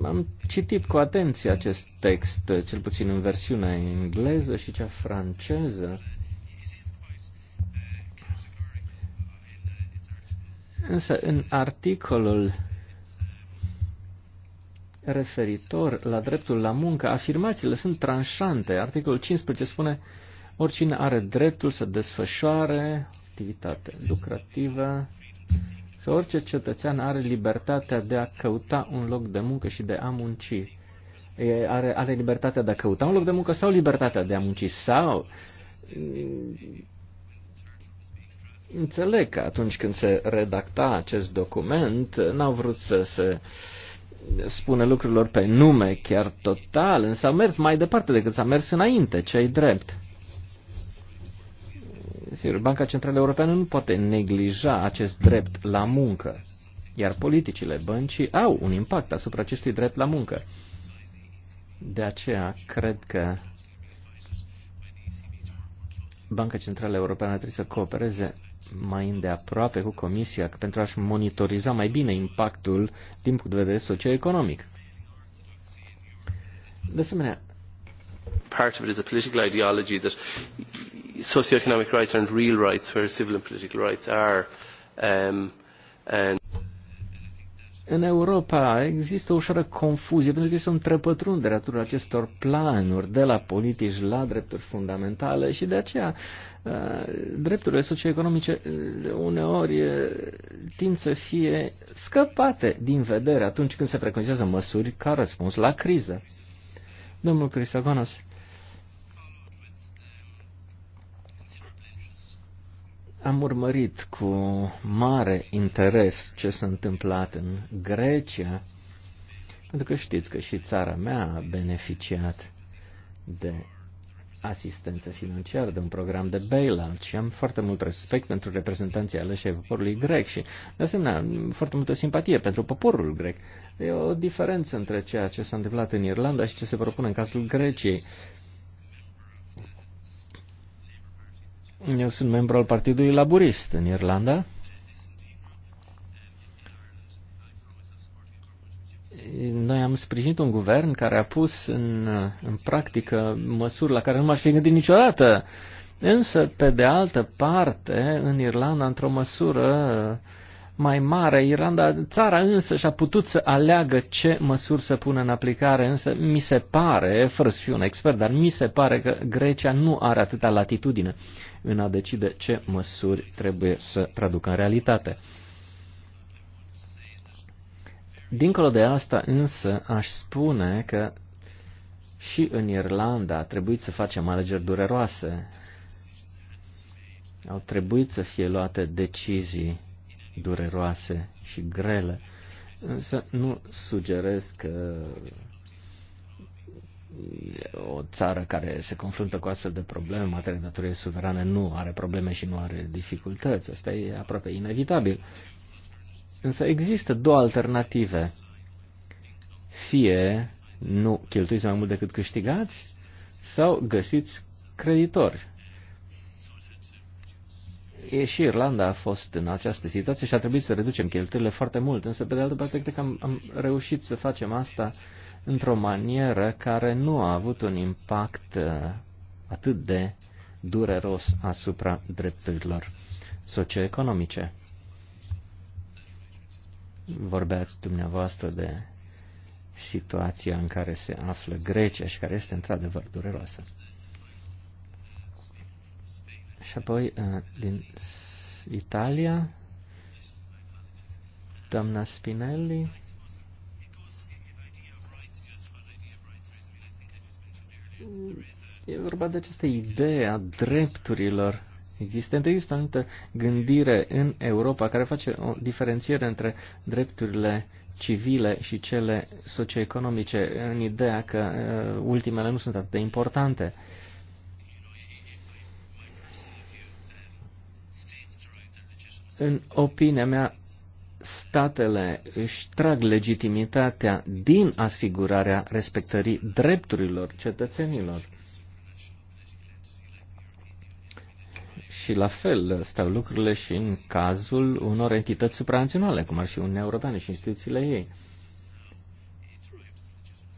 Am citit cu atenție acest text, eh, cel puțin în versiunea engleză și cea franceză. Însă în articolul referitor la dreptul la muncă, afirmațiile sunt tranșante. Articolul 15 spune uh, Oricine are dreptul să desfășoare activitate lucrativă sau orice cetățean are libertatea de a căuta un loc de muncă și de a munci. Are, are libertatea de a căuta un loc de muncă sau libertatea de a munci sau Înțeleg că atunci când se redacta acest document, n-au vrut să se spune lucrurilor pe nume chiar total, însă au mers mai departe decât s-a mers înainte, cei drept. Sigur, Banca Centrală Europeană nu poate neglija acest drept la muncă, iar politicile băncii au un impact asupra acestui drept la muncă. De aceea, cred că Banca Centrală Europeană trebuie să coopereze mai îndeaproape cu Comisia pentru a-și monitoriza mai bine impactul din punct de vedere socioeconomic. De asemenea, part of it is a political ideology that economic rights aren't real rights whereas civil and political rights are. Um, and în Europa există o ușoară confuzie, pentru că este o întrepătrundere a acestor planuri de la politici la drepturi fundamentale și de aceea uh, drepturile socioeconomice uh, uneori uh, tind să fie scăpate din vedere atunci când se preconizează măsuri ca răspuns la criză. Domnul Cristogonos. Am urmărit cu mare interes ce s-a întâmplat în Grecia, pentru că știți că și țara mea a beneficiat de asistență financiară, de un program de bailout și am foarte mult respect pentru reprezentanții aleși ai poporului grec și, de asemenea, foarte multă simpatie pentru poporul grec. E o diferență între ceea ce s-a întâmplat în Irlanda și ce se propune în cazul Greciei. Eu sunt membru al Partidului Laburist în Irlanda. Noi am sprijinit un guvern care a pus în, în practică măsuri la care nu m-aș fi gândit niciodată. Însă, pe de altă parte, în Irlanda, într-o măsură mai mare, Irlanda, țara însă și-a putut să aleagă ce măsuri să pună în aplicare, însă mi se pare, fără să fiu un expert, dar mi se pare că Grecia nu are atâta latitudine în a decide ce măsuri trebuie să traducă în realitate. Dincolo de asta, însă, aș spune că și în Irlanda a trebuit să facem alegeri dureroase. Au trebuit să fie luate decizii dureroase și grele. Însă nu sugerez că o țară care se confruntă cu astfel de probleme în materie de datorie suverană nu are probleme și nu are dificultăți. Asta e aproape inevitabil. Însă există două alternative. Fie nu cheltuiți mai mult decât câștigați, sau găsiți creditori. E și Irlanda a fost în această situație și a trebuit să reducem cheltuielile foarte mult, însă pe de altă parte cred că am, am reușit să facem asta într-o manieră care nu a avut un impact uh, atât de dureros asupra drepturilor socioeconomice. Vorbeați dumneavoastră de situația în care se află Grecia și care este într-adevăr dureroasă. Și apoi uh, din Italia, doamna Spinelli. e vorba de această idee a drepturilor existente. Există anumită gândire în Europa care face o diferențiere între drepturile civile și cele socioeconomice în ideea că uh, ultimele nu sunt atât de importante. În opinia mea, statele își trag legitimitatea din asigurarea respectării drepturilor cetățenilor. Și la fel stau lucrurile și în cazul unor entități supranaționale, cum ar fi Uniunea Europeană și instituțiile ei.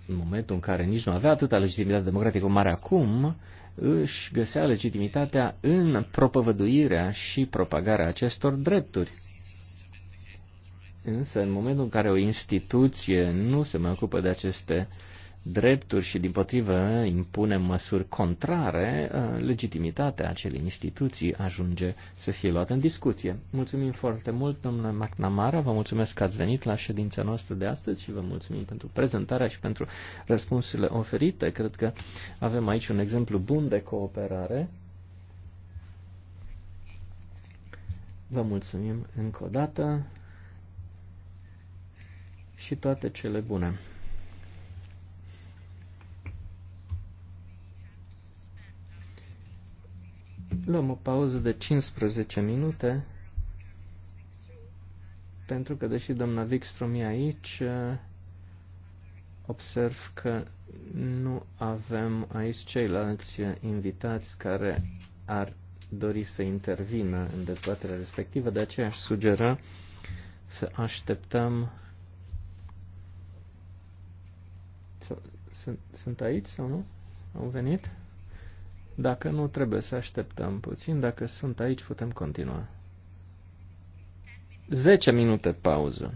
În momentul în care nici nu avea atâta legitimitate democratică cum acum, își găsea legitimitatea în propovăduirea și propagarea acestor drepturi. Însă, în momentul în care o instituție nu se mai ocupă de aceste drepturi și, din potrivă, impune măsuri contrare, uh, legitimitatea acelei instituții ajunge să fie luată în discuție. Mulțumim foarte mult, domnule McNamara, vă mulțumesc că ați venit la ședința noastră de astăzi și vă mulțumim pentru prezentarea și pentru răspunsurile oferite. Cred că avem aici un exemplu bun de cooperare. Vă mulțumim încă o dată și toate cele bune. Luăm o pauză de 15 minute, pentru că deși doamna Wikström e aici, observ că nu avem aici ceilalți invitați care ar dori să intervină în dezbaterea respectivă, de aceea aș sugera să așteptăm Sunt, sunt aici sau nu? Au venit? Dacă nu, trebuie să așteptăm puțin. Dacă sunt aici, putem continua. 10 minute pauză.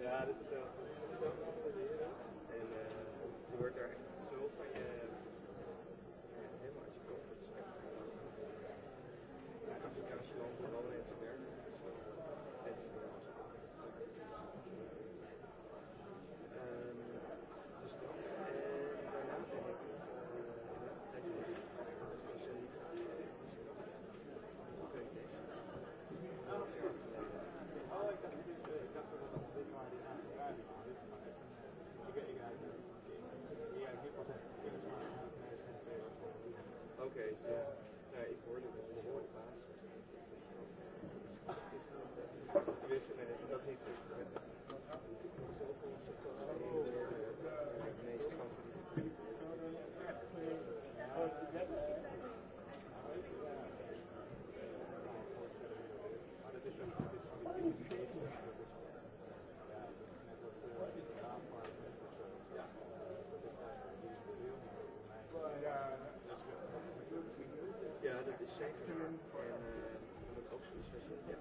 Ja, das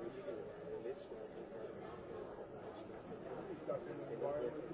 Thank you.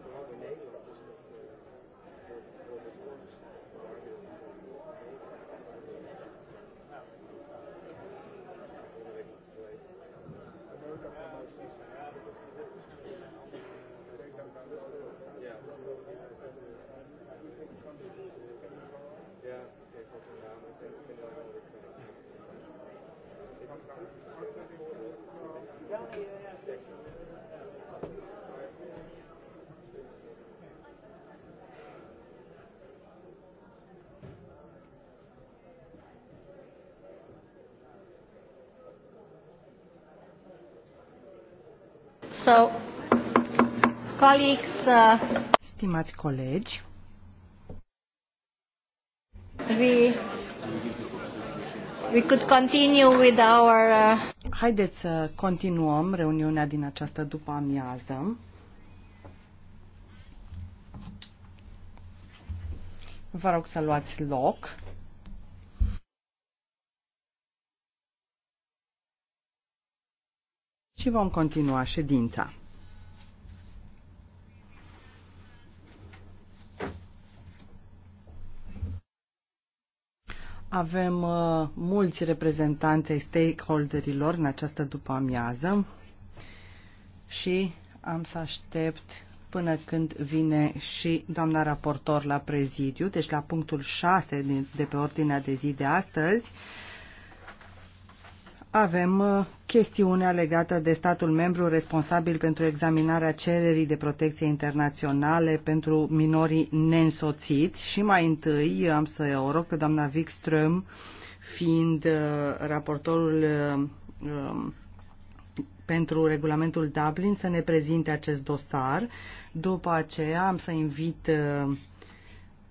So, colleagues, uh, Stimați colegi, we, we could continue with our, uh... Haideți să continuăm reuniunea din această după amiază. Vă rog să luați loc. și vom continua ședința. Avem uh, mulți reprezentanți ai stakeholderilor în această după-amiază și am să aștept până când vine și doamna raportor la prezidiu, deci la punctul 6 de pe ordinea de zi de astăzi, uh, avem uh, chestiunea legată de statul membru responsabil pentru examinarea cererii de protecție internaționale pentru minorii nensoțiți și mai întâi uh, am să o rog pe doamna Wikström, fiind uh, raportorul um, pentru regulamentul Dublin, să ne prezinte acest dosar. După aceea am să invit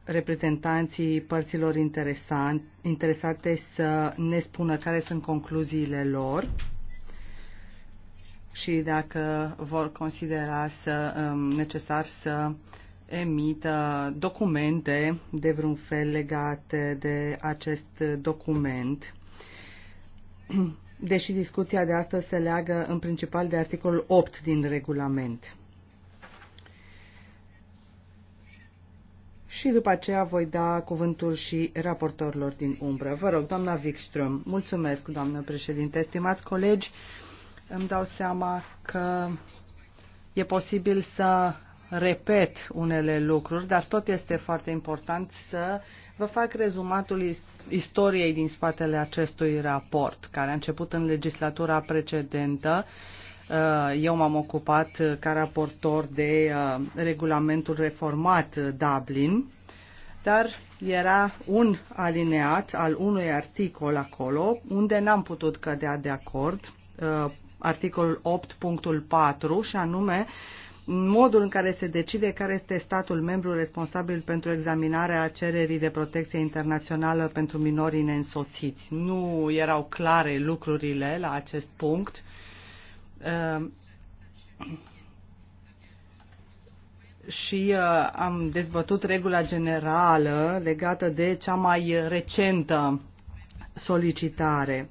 reprezentanții părților interesate să ne spună care sunt concluziile lor și dacă vor considera să, um, necesar să emită documente de vreun fel legate de acest document. Deși discuția de astăzi se leagă în principal de articolul 8 din regulament. și după aceea voi da cuvântul și raportorilor din umbră. Vă rog, doamna Wikström, mulțumesc, doamnă președinte. Stimați colegi, îmi dau seama că e posibil să repet unele lucruri, dar tot este foarte important să vă fac rezumatul istoriei din spatele acestui raport, care a început în legislatura precedentă Uh, eu m-am ocupat uh, ca raportor de uh, regulamentul reformat Dublin, dar era un alineat al unui articol acolo unde n-am putut cădea de acord, articolul 8.4 și anume modul în care se decide care este statul membru responsabil pentru examinarea cererii de protecție internațională pentru minorii neînsoțiți. Nu erau clare lucrurile la acest punct Ehm, și eh, am dezbătut regula generală legată de cea mai recentă solicitare,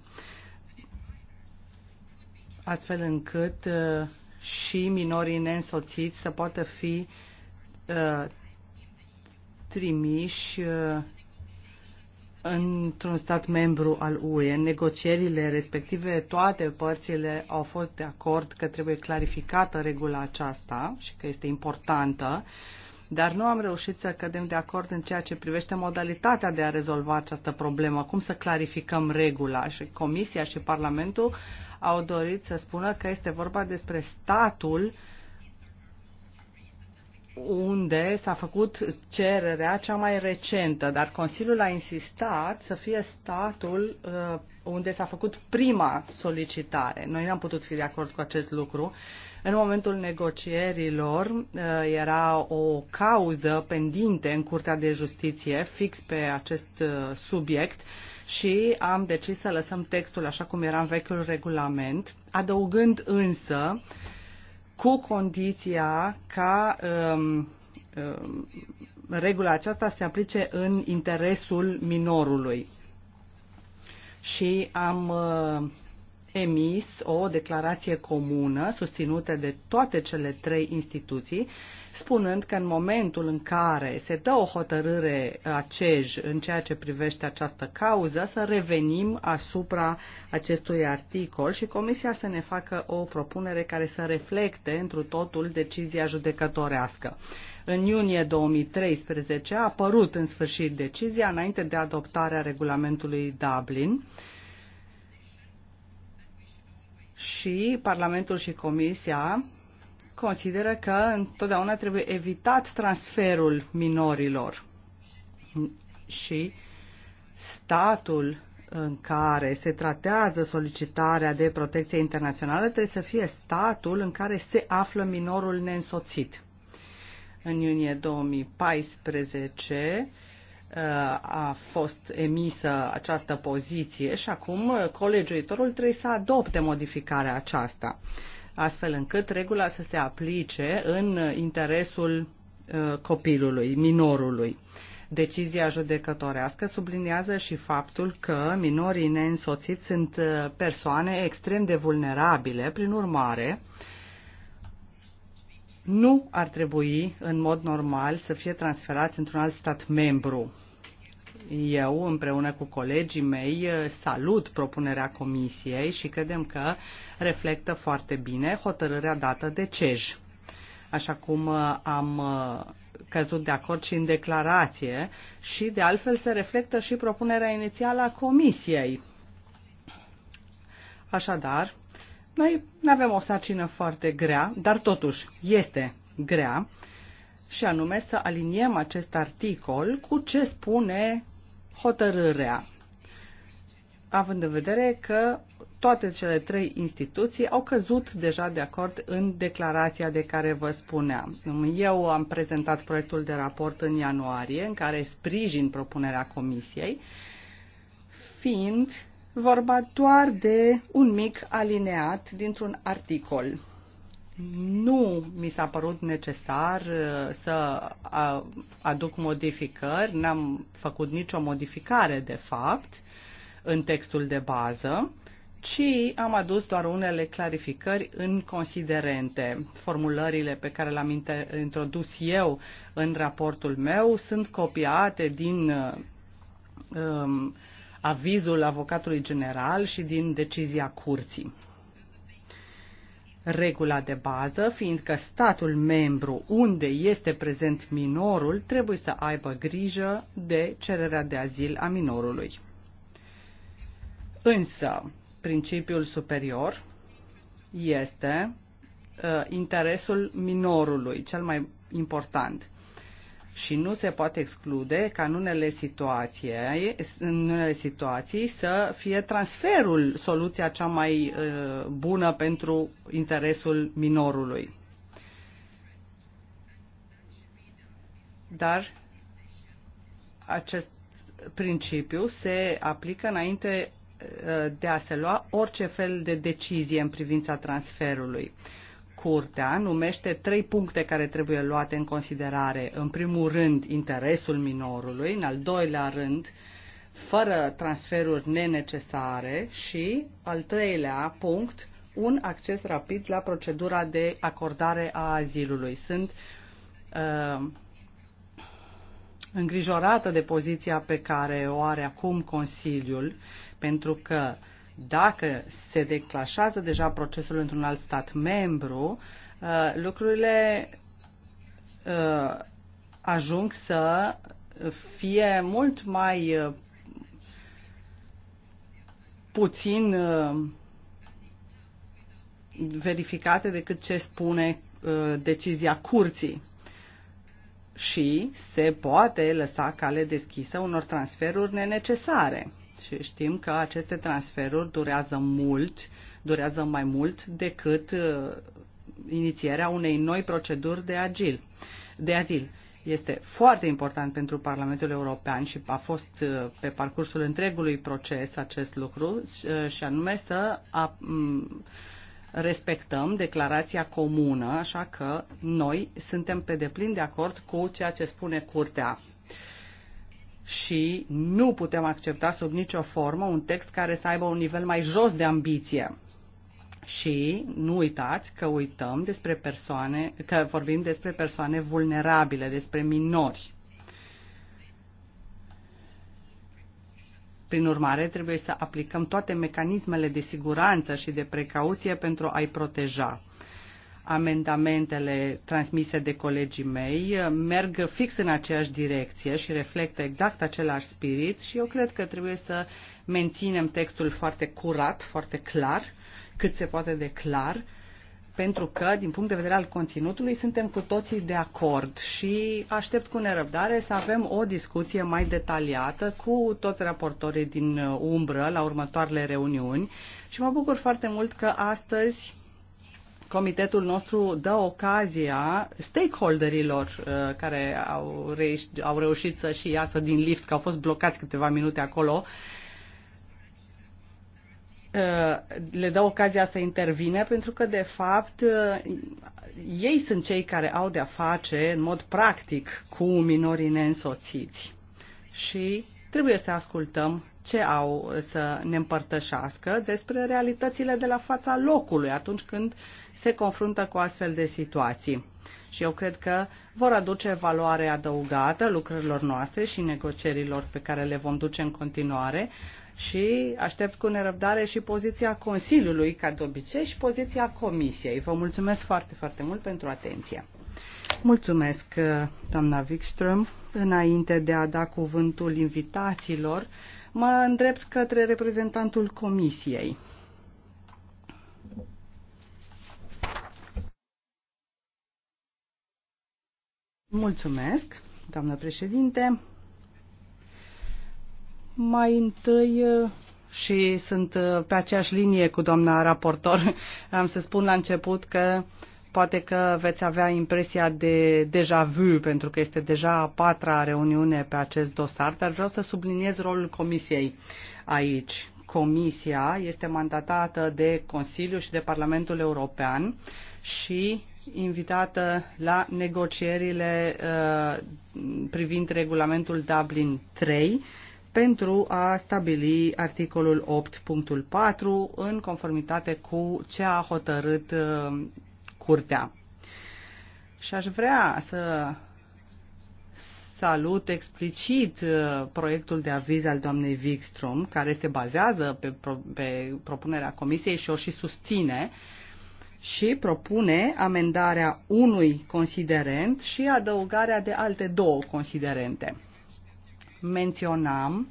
astfel încât eh, și minorii neînsoțiți să poată fi eh, trimiși într-un stat membru al UE. În negocierile respective, toate părțile au fost de acord că trebuie clarificată regula aceasta și că este importantă, dar nu am reușit să cădem de acord în ceea ce privește modalitatea de a rezolva această problemă, cum să clarificăm regula. Și Comisia și Parlamentul au dorit să spună că este vorba despre statul uh, unde s-a făcut cererea cea mai recentă, dar Consiliul a insistat să fie statul uh, unde s-a făcut prima solicitare. Noi n-am putut fi de acord cu acest lucru. În momentul negocierilor uh, era o cauză pendinte în Curtea de Justiție fix pe acest uh, subiect și am decis să lăsăm textul așa cum era în vechiul regulament, adăugând însă uh, cu condiția ca um, um, regula aceasta se aplice în interesul minorului. Și am uh, emis o declarație comună susținută de toate cele trei instituții, spunând că în momentul în care se dă o hotărâre a CEJ în ceea ce privește această cauză, să revenim asupra acestui articol și Comisia să ne facă o propunere care să reflecte întru totul decizia judecătorească. În iunie 2013 a apărut în sfârșit decizia înainte de adoptarea regulamentului Dublin, și Parlamentul și Comisia consideră că întotdeauna trebuie evitat transferul minorilor și statul în care se tratează solicitarea de protecție internațională trebuie să fie statul în care se află minorul neînsoțit. În iunie 2014, Uh, a fost emisă această poziție și acum colegiuitorul trebuie să adopte modificarea aceasta, astfel încât regula să se aplice în interesul uh, copilului, minorului. Decizia judecătorească subliniază și faptul că minorii neînsoțiți sunt uh, persoane extrem de vulnerabile, prin urmare, nu ar trebui în mod normal să fie transferați într-un alt stat membru. Eu, împreună cu colegii mei, salut propunerea Comisiei și credem că reflectă foarte bine hotărârea dată de CEJ. Așa cum uh, am uh, căzut de acord și în declarație și, de altfel, se reflectă și propunerea inițială a Comisiei. Așadar, noi nu avem o sarcină foarte grea, dar totuși este grea, și anume să aliniem acest articol cu ce spune hotărârea, având în vedere că toate cele trei instituții au căzut deja de acord în declarația de care vă spuneam. Eu am prezentat proiectul de raport în ianuarie, în care sprijin propunerea Comisiei, fiind vorba doar de un mic alineat dintr-un articol. Nu mi s-a părut necesar uh, să uh, aduc modificări, n-am făcut nicio modificare de fapt în textul de bază, ci am adus doar unele clarificări în considerente. Formulările pe care le-am introdus eu în raportul meu sunt copiate din uh, um, avizul avocatului general și din decizia curții. Regula de bază fiind că statul membru unde este prezent minorul trebuie să aibă grijă de cererea de azil a minorului. Însă, principiul superior este uh, interesul minorului, cel mai important și nu se poate exclude ca în unele, situații, în unele situații să fie transferul soluția cea mai uh, bună pentru interesul minorului. Dar acest principiu se aplică înainte uh, de a se lua orice fel de decizie în privința transferului. Uh, curtea numește trei puncte care trebuie luate în considerare. În primul rând, interesul minorului, în al doilea rând, fără transferuri nenecesare și, al treilea punct, un acces rapid la procedura de acordare a azilului. Sunt uh, îngrijorată de poziția pe care o are acum Consiliul, pentru că uh, dacă se declașează deja procesul într-un alt stat membru, uh, lucrurile uh, ajung să fie mult mai uh, puțin verificate decât ce spune decizia curții și se poate lăsa cale deschisă unor transferuri nenecesare. Și știm că aceste transferuri durează mult, durează mai mult decât uh, inițierea unei noi proceduri de, agil, de azil. Este foarte important pentru Parlamentul European și a fost uh, pe parcursul întregului proces acest lucru uh, și anume să mm, respectăm declarația comună, așa că noi suntem pe deplin de acord cu ceea ce spune Curtea și nu putem accepta sub nicio formă un text care să aibă un nivel mai jos de ambiție. Și nu uitați că uităm despre persoane, că vorbim despre persoane vulnerabile, despre minori. Prin urmare, trebuie să aplicăm toate mecanismele de siguranță și de precauție pentru a-i proteja amendamentele transmise de colegii mei uh, merg fix în aceeași direcție și reflectă exact același spirit și eu cred că trebuie să menținem textul foarte curat, foarte clar, cât se poate de clar, pentru că, din punct de vedere al conținutului, suntem cu toții de acord și aștept cu nerăbdare să avem o discuție mai detaliată cu toți raportorii din uh, umbră la următoarele reuniuni și mă bucur foarte mult că astăzi comitetul nostru dă ocazia stakeholderilor uh, care au, reuș au reușit să și iasă din lift, că au fost blocați câteva minute acolo, uh, le dă ocazia să intervine pentru că, de fapt, uh, ei sunt cei care au de-a face, în mod practic, cu minorii neînsoțiți. Și trebuie să ascultăm ce au să ne împărtășească despre realitățile de la fața locului atunci când se confruntă cu astfel de situații. Și eu cred că vor aduce valoare adăugată lucrărilor noastre și negocierilor pe care le vom duce în continuare și aștept cu nerăbdare și poziția Consiliului, ca de obicei, și poziția Comisiei. Vă mulțumesc foarte, foarte mult pentru atenție. Mulțumesc, doamna Wikström. Înainte de a da cuvântul invitațiilor, Mă îndrept către reprezentantul Comisiei. Mulțumesc, doamnă președinte. Mai întâi și sunt pe aceeași linie cu doamna raportor. Am să spun la început că uh, Poate că veți avea impresia de deja vu, pentru că este deja a patra reuniune pe acest dosar, dar vreau să subliniez rolul Comisiei aici. Comisia este mandatată de Consiliu și de Parlamentul European și invitată la negocierile uh, privind regulamentul Dublin 3 pentru a stabili articolul 8.4 în conformitate cu ce a hotărât uh, curtea. Și aș vrea să salut explicit uh, proiectul de aviz al doamnei Wikström, care se bazează pe, pro, pe propunerea comisiei și o și susține și propune amendarea unui considerent și adăugarea de alte două considerente. Menționam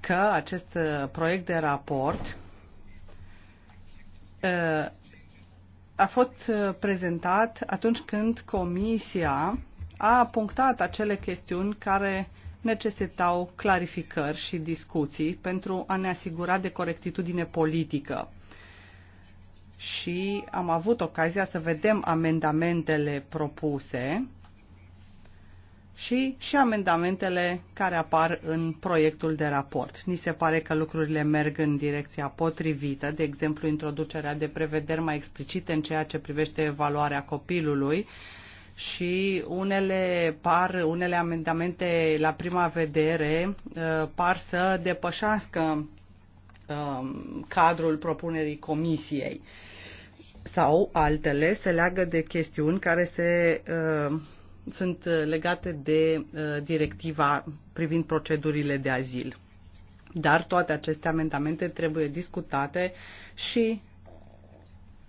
că acest uh, proiect de raport uh, a fost uh, prezentat atunci când Comisia a punctat acele chestiuni care necesitau clarificări și discuții pentru a ne asigura de corectitudine politică. Și am avut ocazia să vedem amendamentele propuse și, și amendamentele care apar în proiectul de raport. Ni se pare că lucrurile merg în direcția potrivită, de exemplu introducerea de prevederi mai explicite în ceea ce privește evaluarea copilului și unele par, unele amendamente la prima vedere uh, par să depășească um, cadrul propunerii comisiei sau altele se leagă de chestiuni care se uh, sunt uh, legate de uh, directiva privind procedurile de azil. Dar toate aceste amendamente trebuie discutate și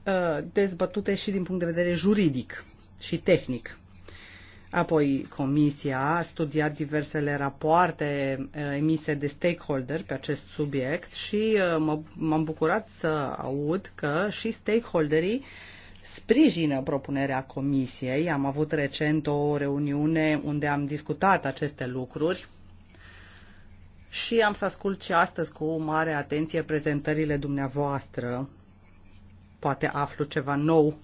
uh, dezbătute și din punct de vedere juridic și tehnic. Apoi, Comisia a studiat diversele rapoarte emise de stakeholder pe acest subiect și m-am bucurat să aud că și stakeholderii uh, sprijină propunerea Comisiei. Am avut recent o reuniune unde am discutat aceste lucruri și am să ascult și astăzi cu mare atenție prezentările dumneavoastră. Poate aflu ceva nou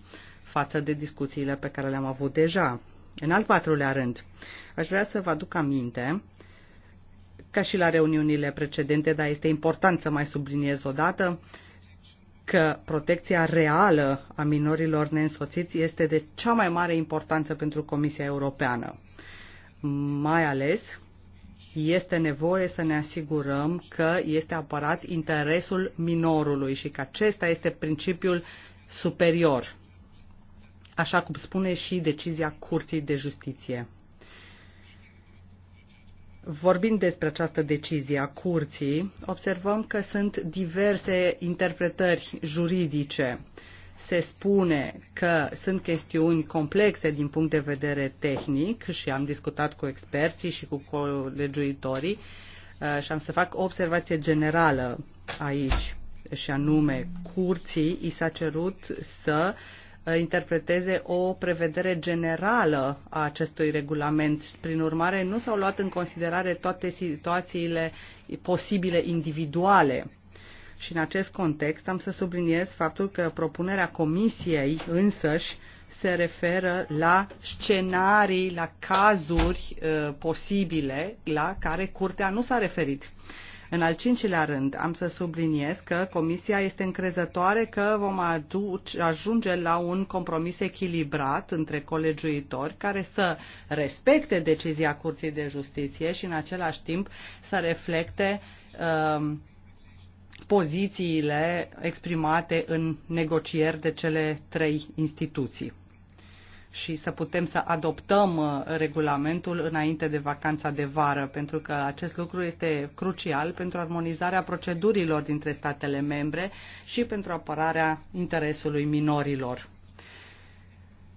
față de discuțiile pe care le-am avut deja. În al patrulea rând, aș vrea să vă aduc aminte, ca și la reuniunile precedente, dar este important să mai subliniez o dată, că protecția reală a minorilor neînsoțiți este de cea mai mare importanță pentru Comisia Europeană. Mai ales este nevoie să ne asigurăm că este apărat interesul minorului și că acesta este principiul superior, așa cum spune și decizia Curții de Justiție. Vorbind despre această decizie a curții, observăm că sunt diverse interpretări juridice. Se spune că sunt chestiuni complexe din punct de vedere tehnic și am discutat cu experții și cu colegiuitorii uh, și am să fac o observație generală aici și anume curții i s-a cerut să uh, Uh, interpreteze o prevedere generală a acestui regulament. Prin urmare, nu s-au luat în considerare toate situațiile posibile individuale. Și în acest context am să subliniez faptul că propunerea Comisiei însăși se referă la scenarii, la cazuri uh, posibile la care curtea nu s-a referit. Uh, în al cincilea rând, am să subliniez că Comisia este încrezătoare că vom aduce, ajunge la un compromis echilibrat între colegiuitori care să respecte decizia Curții de Justiție și în același timp să reflecte um, pozițiile exprimate în negocieri de cele trei instituții și să putem să adoptăm uh, regulamentul înainte de vacanța de vară, pentru că acest lucru este crucial pentru armonizarea procedurilor dintre statele membre și pentru apărarea interesului minorilor.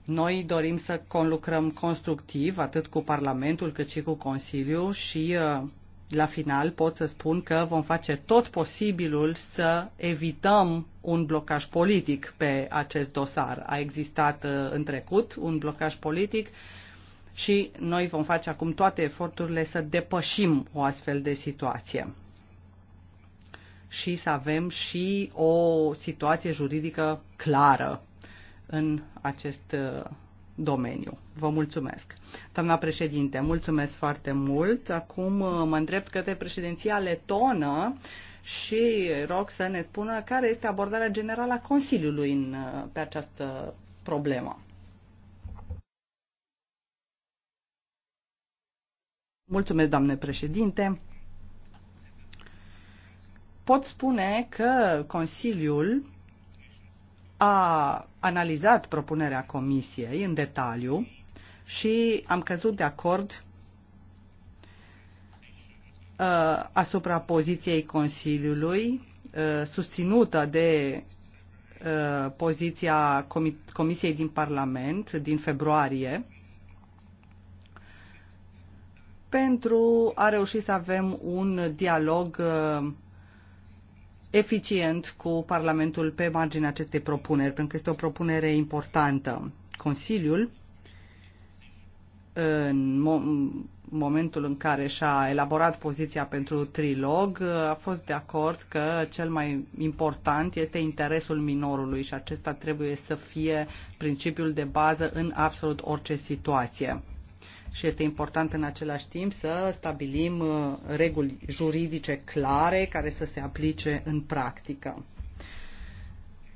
Noi dorim să conlucrăm constructiv atât cu Parlamentul cât și cu Consiliu și uh, la final pot să spun că vom face tot posibilul să evităm un blocaj politic pe acest dosar. A existat uh, în trecut un blocaj politic și noi vom face acum toate eforturile să depășim o astfel de situație și să avem și o situație juridică clară în acest uh, domeniu. Vă mulțumesc. Doamna președinte, mulțumesc foarte mult. Acum uh, mă îndrept către președinția letonă și rog să ne spună care este abordarea generală a Consiliului în, uh, pe această problemă. Mulțumesc, doamne președinte. Pot spune că Consiliul a analizat propunerea comisiei în detaliu și am căzut de acord uh, asupra poziției Consiliului, uh, susținută de uh, poziția comi Comisiei din Parlament din februarie, pentru a reuși să avem un dialog uh, eficient cu Parlamentul pe marginea acestei propuneri, pentru că este o propunere importantă. Consiliul, în momentul în care și-a elaborat poziția pentru trilog, a fost de acord că cel mai important este interesul minorului și acesta trebuie să fie principiul de bază în absolut orice situație și este important în același timp să stabilim uh, reguli juridice clare care să se aplice în practică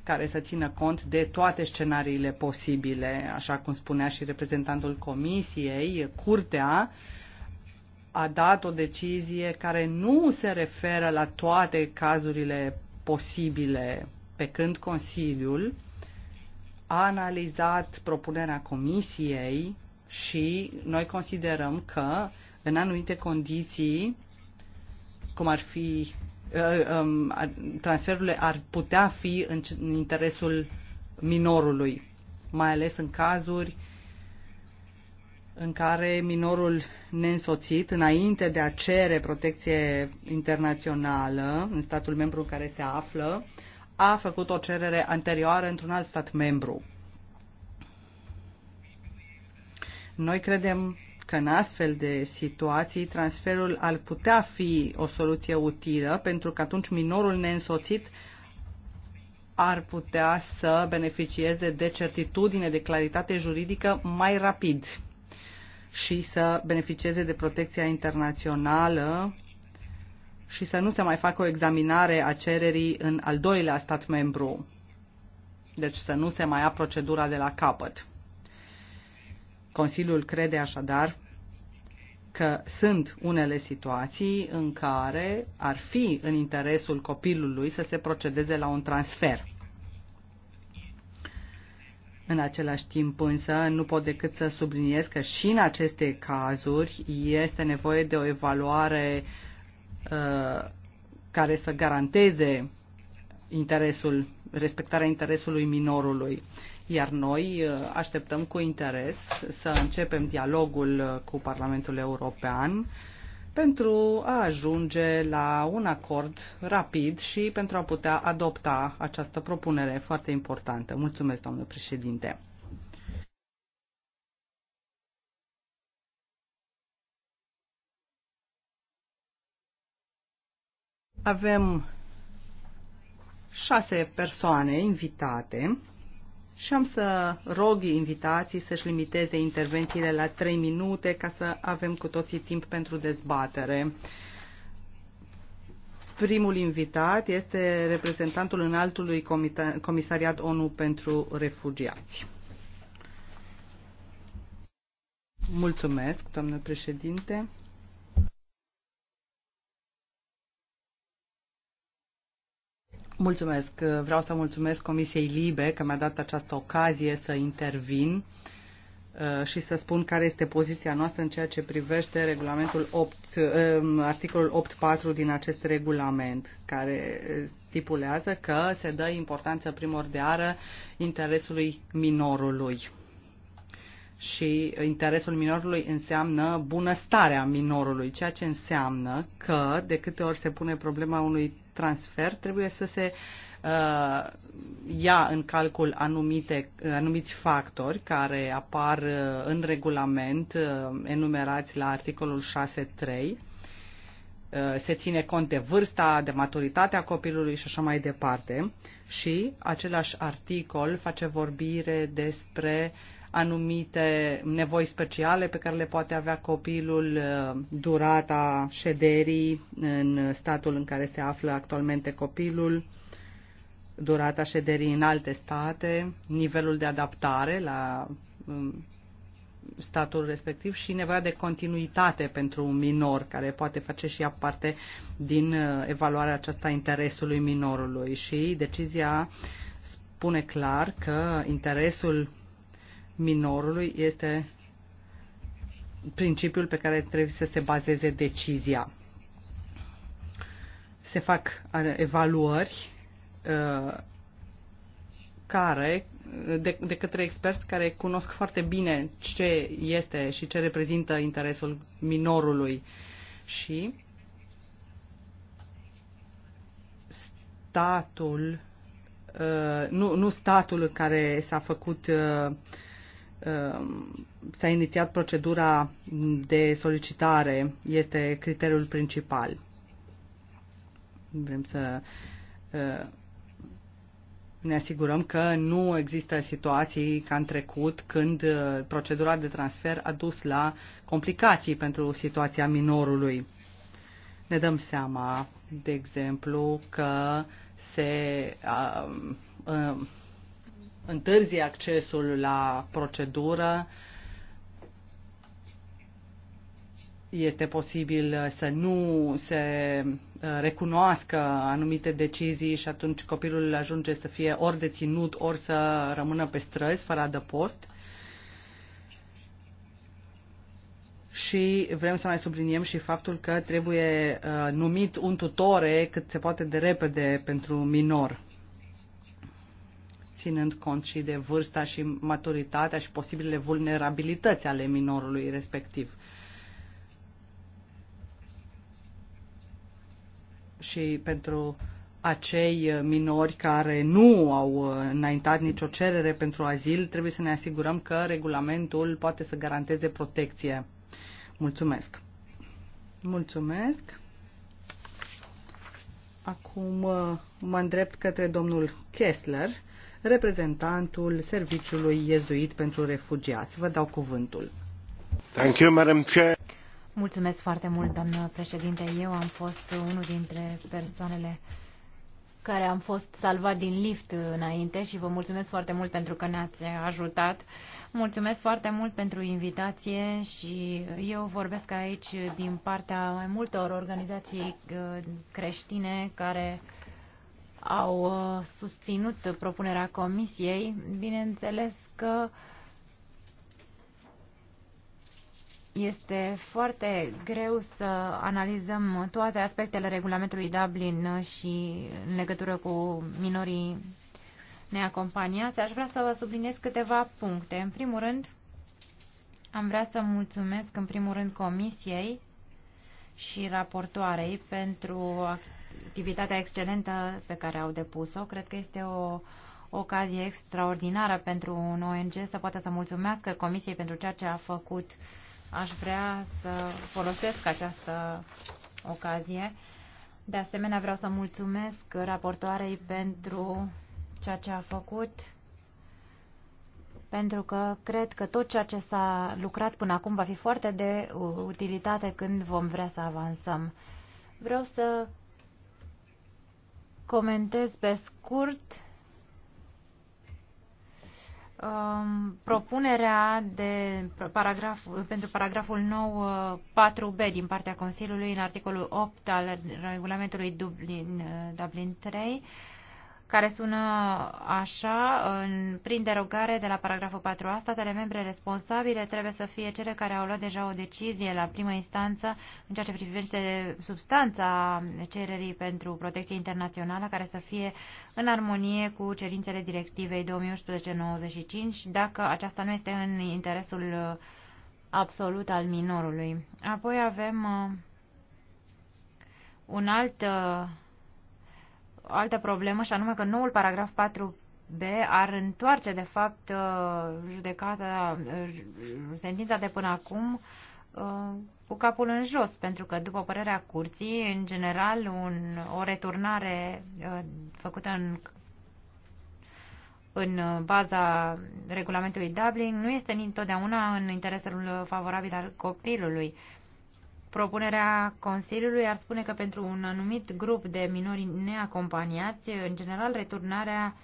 care să țină cont de toate scenariile posibile. Așa cum spunea și reprezentantul Comisiei, Curtea a dat o decizie care nu se referă la toate cazurile posibile, pe când Consiliul a analizat propunerea Comisiei și noi considerăm că în anumite condiții, cum ar fi uh, um, transferurile ar putea fi în interesul minorului, mai ales în cazuri în care minorul neînsoțit, înainte de a cere protecție internațională în statul membru în care se află, a făcut o cerere anterioară într-un alt stat membru. Noi credem că în astfel de situații transferul ar putea fi o soluție utilă pentru că atunci minorul neînsoțit ar putea să beneficieze de certitudine, de claritate juridică mai rapid și să beneficieze de protecția internațională și să nu se mai facă o examinare a cererii în al doilea stat membru. Deci să nu se mai ia procedura de la capăt. Consiliul crede așadar că sunt unele situații în care ar fi în interesul copilului să se procedeze la un transfer. În același timp însă nu pot decât să subliniez că și în aceste cazuri este nevoie de o evaluare uh, care să garanteze interesul, respectarea interesului minorului iar noi uh, așteptăm cu interes să începem dialogul uh, cu Parlamentul European pentru a ajunge la un acord rapid și pentru a putea adopta această propunere foarte importantă. Mulțumesc, domnule președinte. Avem șase persoane invitate și am să rog invitații să-și limiteze intervențiile la 3 minute ca să avem cu toții timp pentru dezbatere. Primul invitat este reprezentantul înaltului comisariat ONU pentru refugiați. Mulțumesc, doamnă președinte. Mulțumesc. Vreau să mulțumesc Comisiei Libe că mi-a dat această ocazie să intervin uh, și să spun care este poziția noastră în ceea ce privește regulamentul 8, uh, articolul 8.4 din acest regulament, care uh, stipulează că se dă importanță primordiară interesului minorului. Și interesul minorului înseamnă bunăstarea minorului, ceea ce înseamnă că de câte ori se pune problema unui transfer trebuie să se uh, ia în calcul anumite, uh, anumiți factori care apar uh, în regulament uh, enumerați la articolul 6.3 uh, se ține cont de vârsta, de maturitatea copilului și așa mai departe. Și același articol face vorbire despre uh, anumite nevoi speciale pe care le poate avea copilul, uh, durata șederii în statul în care se află actualmente copilul, durata șederii în alte state, nivelul de adaptare la um, statul respectiv și nevoia de continuitate pentru un minor care poate face și ea parte din uh, evaluarea aceasta interesului minorului și decizia spune clar că interesul minorului este principiul pe care trebuie să se bazeze decizia. Se fac evaluări uh, care, de, de către experți care cunosc foarte bine ce este și ce reprezintă interesul minorului și statul, uh, nu, nu statul care s-a făcut uh, Um, s-a inițiat procedura de solicitare, este criteriul principal. Vrem să uh, ne asigurăm că nu există situații ca în trecut când uh, procedura de transfer a dus la complicații pentru situația minorului. Ne dăm seama, de exemplu, că se a, uh, a, întârzi accesul la procedură, este posibil să nu se uh, recunoască anumite decizii și atunci copilul ajunge să fie ori deținut, ori să rămână pe străzi fără adăpost. Și vrem să mai subliniem și faptul că trebuie uh, numit un tutore cât se poate de repede pentru minor ținând cont și de vârsta și maturitatea și posibilele vulnerabilități ale minorului respectiv. Și pentru acei minori care nu au înaintat nicio cerere pentru azil, trebuie să ne asigurăm că regulamentul poate să garanteze protecție. Mulțumesc! Mulțumesc! Acum uh, mă îndrept către domnul Kessler reprezentantul Serviciului Iezuit pentru Refugiați. Vă dau cuvântul. Thank you, Madam Chair. Mulțumesc foarte mult, doamnă președinte. Eu am fost unul dintre persoanele care am fost salvat din lift înainte și vă mulțumesc foarte mult pentru că ne-ați ajutat. Mulțumesc foarte mult pentru invitație și eu vorbesc aici din partea mai multor organizații uh, creștine care au uh, susținut propunerea Comisiei, bineînțeles că este foarte greu să analizăm toate aspectele regulamentului Dublin uh, și în legătură cu minorii neacompaniați. Aș vrea să vă subliniez câteva puncte. În primul rând, am vrea să mulțumesc în primul rând Comisiei și raportoarei pentru activitatea excelentă pe care au depus-o. Cred că este o ocazie extraordinară pentru un ONG să poată să mulțumească Comisiei pentru ceea ce a făcut. Aș vrea să folosesc această ocazie. De asemenea, vreau să mulțumesc raportoarei pentru ceea ce a făcut, pentru că cred că tot ceea ce s-a lucrat până acum va fi foarte de utilitate când vom vrea să avansăm. Vreau să comentez pe scurt um, propunerea de paragraf, pentru paragraful 9 4b uh, din partea Consiliului în articolul 8 al regulamentului Dublin, uh, Dublin 3 care sună așa, în, prin derogare de la paragraful 4 a, statele membre responsabile trebuie să fie cele care au luat deja o decizie la primă instanță în ceea ce privește substanța cererii pentru protecție internațională, care să fie în armonie cu cerințele directivei 2011-95, dacă aceasta nu este în interesul uh, absolut al minorului. Apoi avem uh, un alt uh, altă problemă și anume că noul paragraf 4 B ar întoarce, de fapt, uh, judecata, uh, sentința de până acum uh, cu capul în jos, pentru că, după părerea curții, în general, un, o returnare făcută în, în baza regulamentului Dublin nu este întotdeauna în interesul favorabil al copilului. Propunerea Consiliului ar spune că pentru un anumit grup de minori neacompaniați, în general, returnarea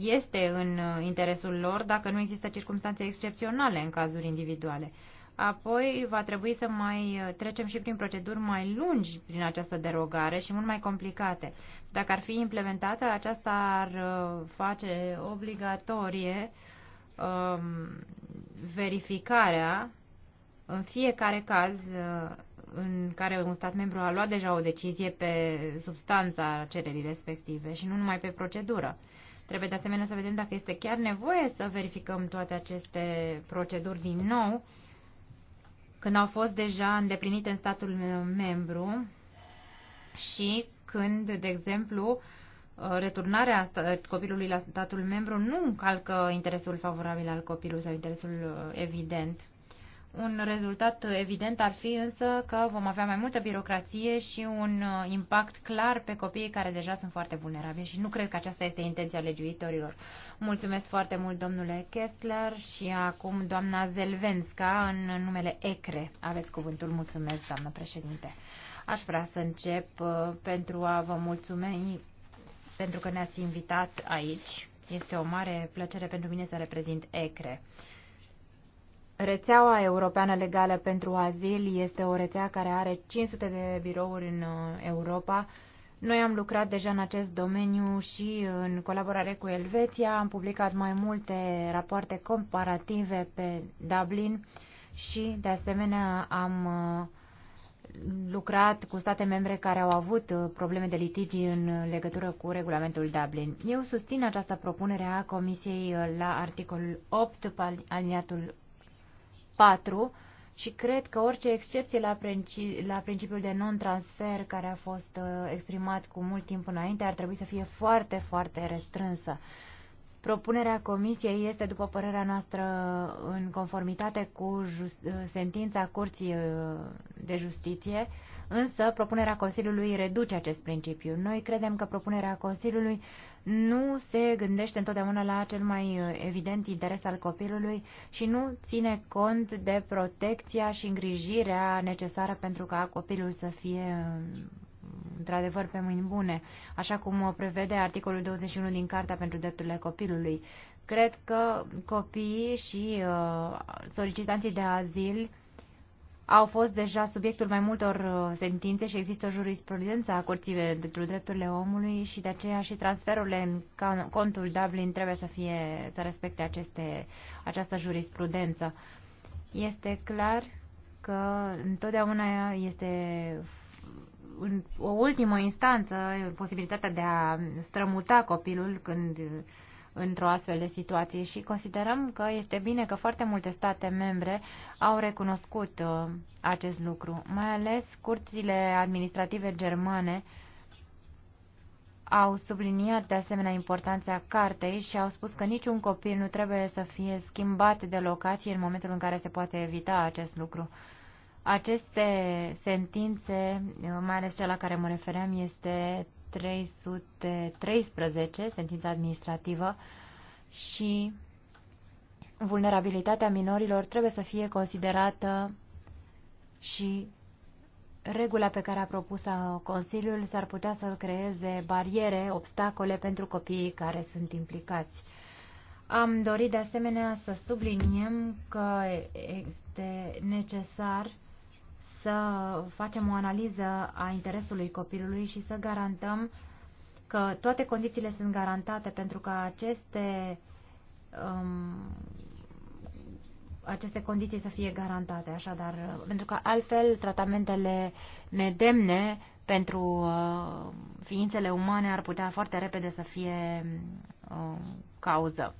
este în interesul lor dacă nu există circunstanțe excepționale în cazuri individuale. Apoi va trebui să mai trecem și prin proceduri mai lungi prin această derogare și mult mai complicate. Dacă ar fi implementată, aceasta ar uh, face obligatorie um, verificarea în fiecare caz uh, în care un stat membru a luat deja o decizie pe substanța cererii respective și nu numai pe procedură. Trebuie de asemenea să vedem dacă este chiar nevoie să verificăm toate aceste proceduri din nou, când au fost deja îndeplinite în statul membru și când, de exemplu, returnarea copilului la statul membru nu încalcă interesul favorabil al copilului sau interesul uh, evident un rezultat evident ar fi însă că vom avea mai multă birocrație și un uh, impact clar pe copiii care deja sunt foarte vulnerabili și nu cred că aceasta este intenția legiuitorilor. Mulțumesc foarte mult, domnule Kessler, și acum doamna Zelvenska în numele ECRE. Aveți cuvântul. Mulțumesc, doamnă președinte. Aș vrea să încep uh, pentru a vă mulțumi pentru că ne-ați invitat aici. Este o mare plăcere pentru mine să reprezint ECRE. Uh, Rețeaua europeană legală pentru azil este o rețea care are 500 de birouri în uh, Europa. Noi am lucrat deja în acest domeniu și în colaborare cu Elveția am publicat mai multe rapoarte comparative pe Dublin și, de asemenea, am uh, lucrat cu state membre care au avut uh, probleme de litigi în legătură cu regulamentul Dublin. Eu susțin această propunere a Comisiei la articolul 8, aliniatul 4 și cred că orice excepție la, principi, la principiul de non-transfer care a fost uh, exprimat cu mult timp înainte ar trebui să fie foarte, foarte restrânsă. Propunerea Comisiei este, după părerea noastră, în conformitate cu sentința Curții uh, de Justiție, însă propunerea Consiliului reduce acest principiu. Noi credem că propunerea Consiliului nu se gândește întotdeauna la cel mai uh, evident interes al copilului și nu ține cont de protecția și îngrijirea necesară pentru ca copilul să fie uh, într-adevăr pe mâini bune, așa cum o prevede articolul 21 din Carta pentru Drepturile Copilului. Cred că copiii și uh, solicitanții de azil au fost deja subiectul mai multor uh, sentințe și există jurisprudență a Curții pentru Drepturile Omului și de aceea și transferurile în contul Dublin trebuie să, fie, să respecte aceste, această jurisprudență. Este clar că întotdeauna este în o ultimă instanță posibilitatea de a strămuta copilul când într-o astfel de situație și considerăm că este bine că foarte multe state membre au recunoscut uh, acest lucru, mai ales curțile administrative germane au subliniat de asemenea importanța cartei și au spus că niciun copil nu trebuie să fie schimbat de locație în momentul în care se poate evita acest lucru. Aceste sentințe, mai ales cea la care mă refeream, este 313, sentința administrativă, și vulnerabilitatea minorilor trebuie să fie considerată și regula pe care a propus Consiliul s-ar putea să creeze bariere, obstacole pentru copiii care sunt implicați. Am dorit de asemenea să subliniem că este necesar să facem o analiză a interesului copilului și să garantăm că toate condițiile sunt garantate pentru că aceste, um, aceste condiții să fie garantate, așadar, pentru că altfel tratamentele nedemne pentru uh, ființele umane ar putea foarte repede să fie uh, cauză.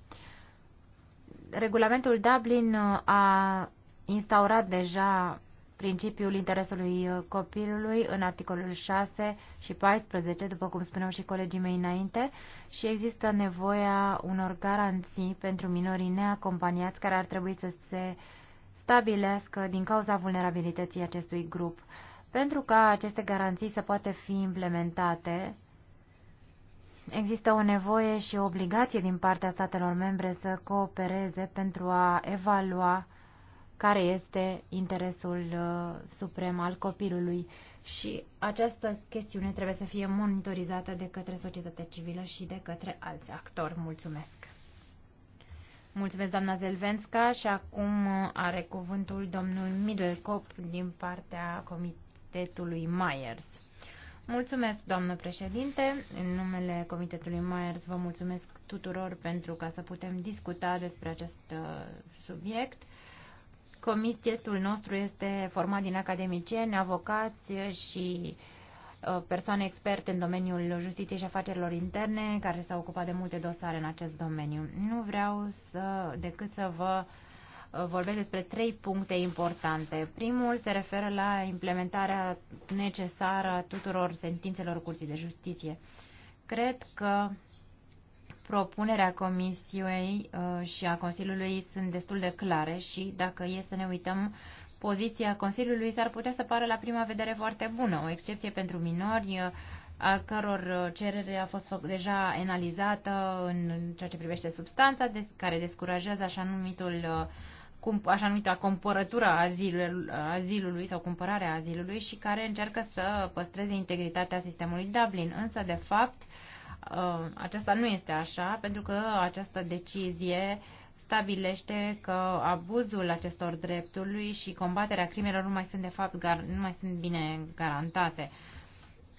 Regulamentul Dublin uh, a instaurat deja principiul interesului uh, copilului în articolul 6 și 14, după cum spuneau și colegii mei înainte, și există nevoia unor garanții pentru minorii neacompaniați care ar trebui să se stabilească din cauza vulnerabilității acestui grup. Pentru ca aceste garanții să poată fi implementate, Există o nevoie și o obligație din partea statelor membre să coopereze pentru a evalua care este interesul uh, suprem al copilului. Și această chestiune trebuie să fie monitorizată de către societatea civilă și de către alți actori. Mulțumesc! Mulțumesc, doamna Zelvenska, și acum uh, are cuvântul domnul Middlecop din partea Comitetului Myers. Mulțumesc, doamnă președinte. În numele Comitetului Myers vă mulțumesc tuturor pentru ca să putem discuta despre acest uh, subiect. Comitetul nostru este format din academicieni, avocați și uh, persoane experte în domeniul justiției și afacerilor interne, care s-au ocupat de multe dosare în acest domeniu. Nu vreau să, decât să vă uh, vorbesc despre trei puncte importante. Primul se referă la implementarea necesară a tuturor sentințelor Curții de Justiție. Cred că propunerea Comisiei uh, și a Consiliului sunt destul de clare și, dacă e să ne uităm, poziția Consiliului s-ar putea să pară la prima vedere foarte bună, o excepție pentru minori, uh, a căror uh, cerere a fost deja analizată în ceea ce privește substanța, care descurajează așa numitul așa numită cumpărătura azilul, azilului sau cumpărarea azilului și care încearcă să păstreze integritatea sistemului Dublin. Însă, de fapt, uh, Um, aceasta nu este așa, pentru că această decizie stabilește că abuzul acestor drepturi și combaterea crimelor nu mai sunt de fapt nu mai sunt bine garantate.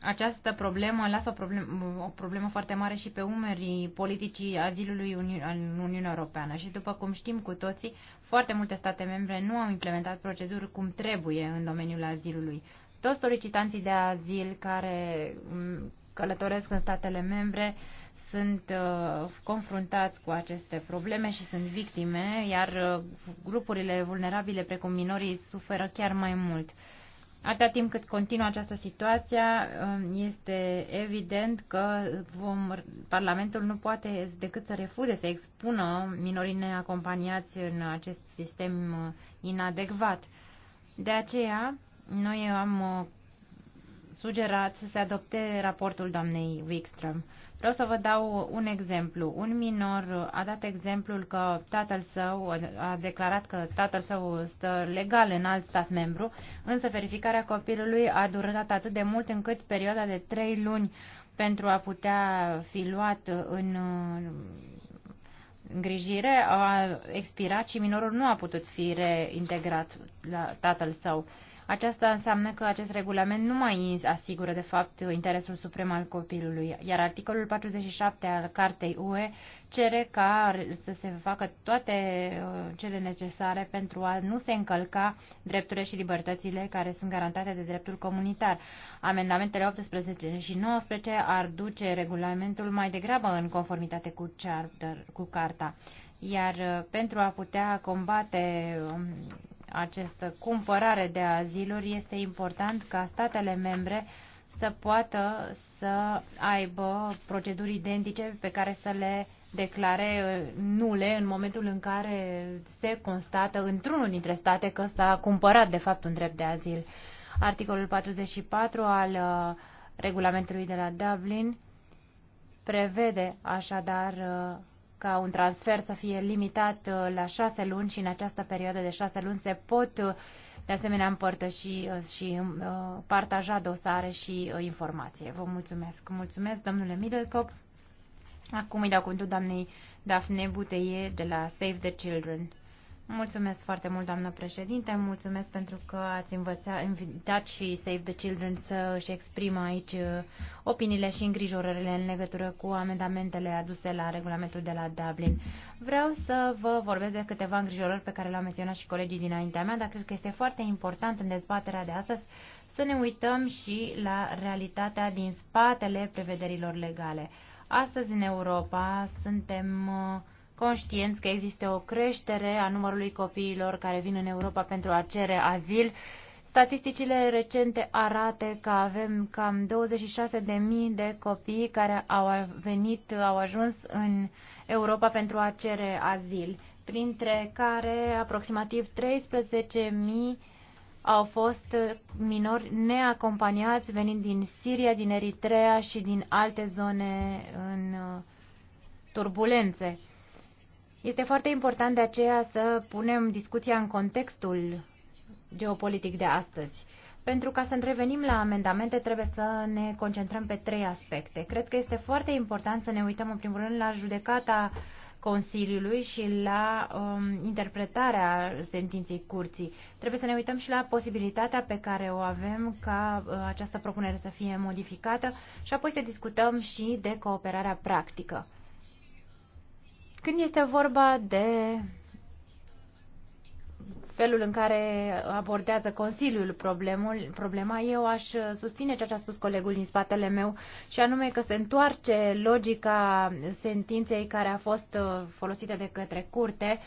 Această problemă lasă o problemă, o problemă foarte mare și pe umerii politicii azilului în Uniunea Europeană și după cum știm cu toții, foarte multe state membre nu au implementat proceduri cum trebuie în domeniul azilului. Toți solicitanții de azil care călătoresc în statele membre sunt uh, confruntați cu aceste probleme și sunt victime, iar uh, grupurile vulnerabile, precum minorii, suferă chiar mai mult. Atâta timp cât continuă această situație, uh, este evident că vom, Parlamentul nu poate decât să refuze să expună minorii neacompaniați în acest sistem uh, inadecvat. De aceea, noi am uh, sugerat să se adopte raportul doamnei Wikström. Vreau să vă dau un exemplu. Un minor a dat exemplul că tatăl său a declarat că tatăl său stă legal în alt stat membru, însă verificarea copilului a durat atât de mult încât perioada de trei luni pentru a putea fi luat în îngrijire a expirat și minorul nu a putut fi reintegrat la tatăl său. Aceasta înseamnă că acest regulament nu mai asigură, de fapt, interesul suprem al copilului, iar articolul 47 al Cartei UE cere ca să se facă toate uh, cele necesare pentru a nu se încălca drepturile și libertățile care sunt garantate de dreptul comunitar. Amendamentele 18 și 19 ar duce regulamentul mai degrabă în conformitate cu, charter, cu Carta. Iar uh, pentru a putea combate um, această cumpărare de aziluri, este important ca statele membre să poată să aibă proceduri identice pe care să le declare nule în momentul în care se constată într-unul dintre state că s-a cumpărat de fapt un drept de azil. Articolul 44 al uh, regulamentului de la Dublin prevede așadar uh, ca un transfer să fie limitat uh, la șase luni și în această perioadă de șase luni se pot uh, de asemenea împărtăși uh, și partaja dosare și informație. Vă mulțumesc. Mulțumesc, domnule Middlecop. Acum îi dau cuvântul doamnei Dafne Buteie de la Save the Children. Mulțumesc foarte mult, doamnă președinte. Mulțumesc pentru că ați învățat, invitat și Save the Children să își exprimă aici uh, opiniile și îngrijorările în legătură cu amendamentele aduse la regulamentul de la Dublin. Vreau să vă vorbesc de câteva îngrijorări pe care le-au menționat și colegii dinaintea mea, dar cred că este foarte important în dezbaterea de astăzi să ne uităm și la realitatea din spatele prevederilor legale. Astăzi, în Europa, suntem uh, conștienți că există o creștere a numărului copiilor care vin în Europa pentru a cere azil. Statisticile recente arată că avem cam 26.000 de copii care au venit, au ajuns în Europa pentru a cere azil, printre care aproximativ 13.000 au fost minori neacompaniați venind din Siria, din Eritrea și din alte zone în uh, turbulențe. Este foarte important de aceea să punem discuția în contextul geopolitic de astăzi. Pentru ca să revenim la amendamente, trebuie să ne concentrăm pe trei aspecte. Cred că este foarte important să ne uităm, în primul rând, la judecata Consiliului și la um, interpretarea sentinței curții. Trebuie să ne uităm și la posibilitatea pe care o avem ca uh, această propunere să fie modificată și apoi să discutăm și de cooperarea practică. Când este vorba de felul în care abordează Consiliul problemul, problema, eu aș susține ceea ce a spus colegul din spatele meu, și anume că se întoarce logica sentinței care a fost uh, folosită de către curte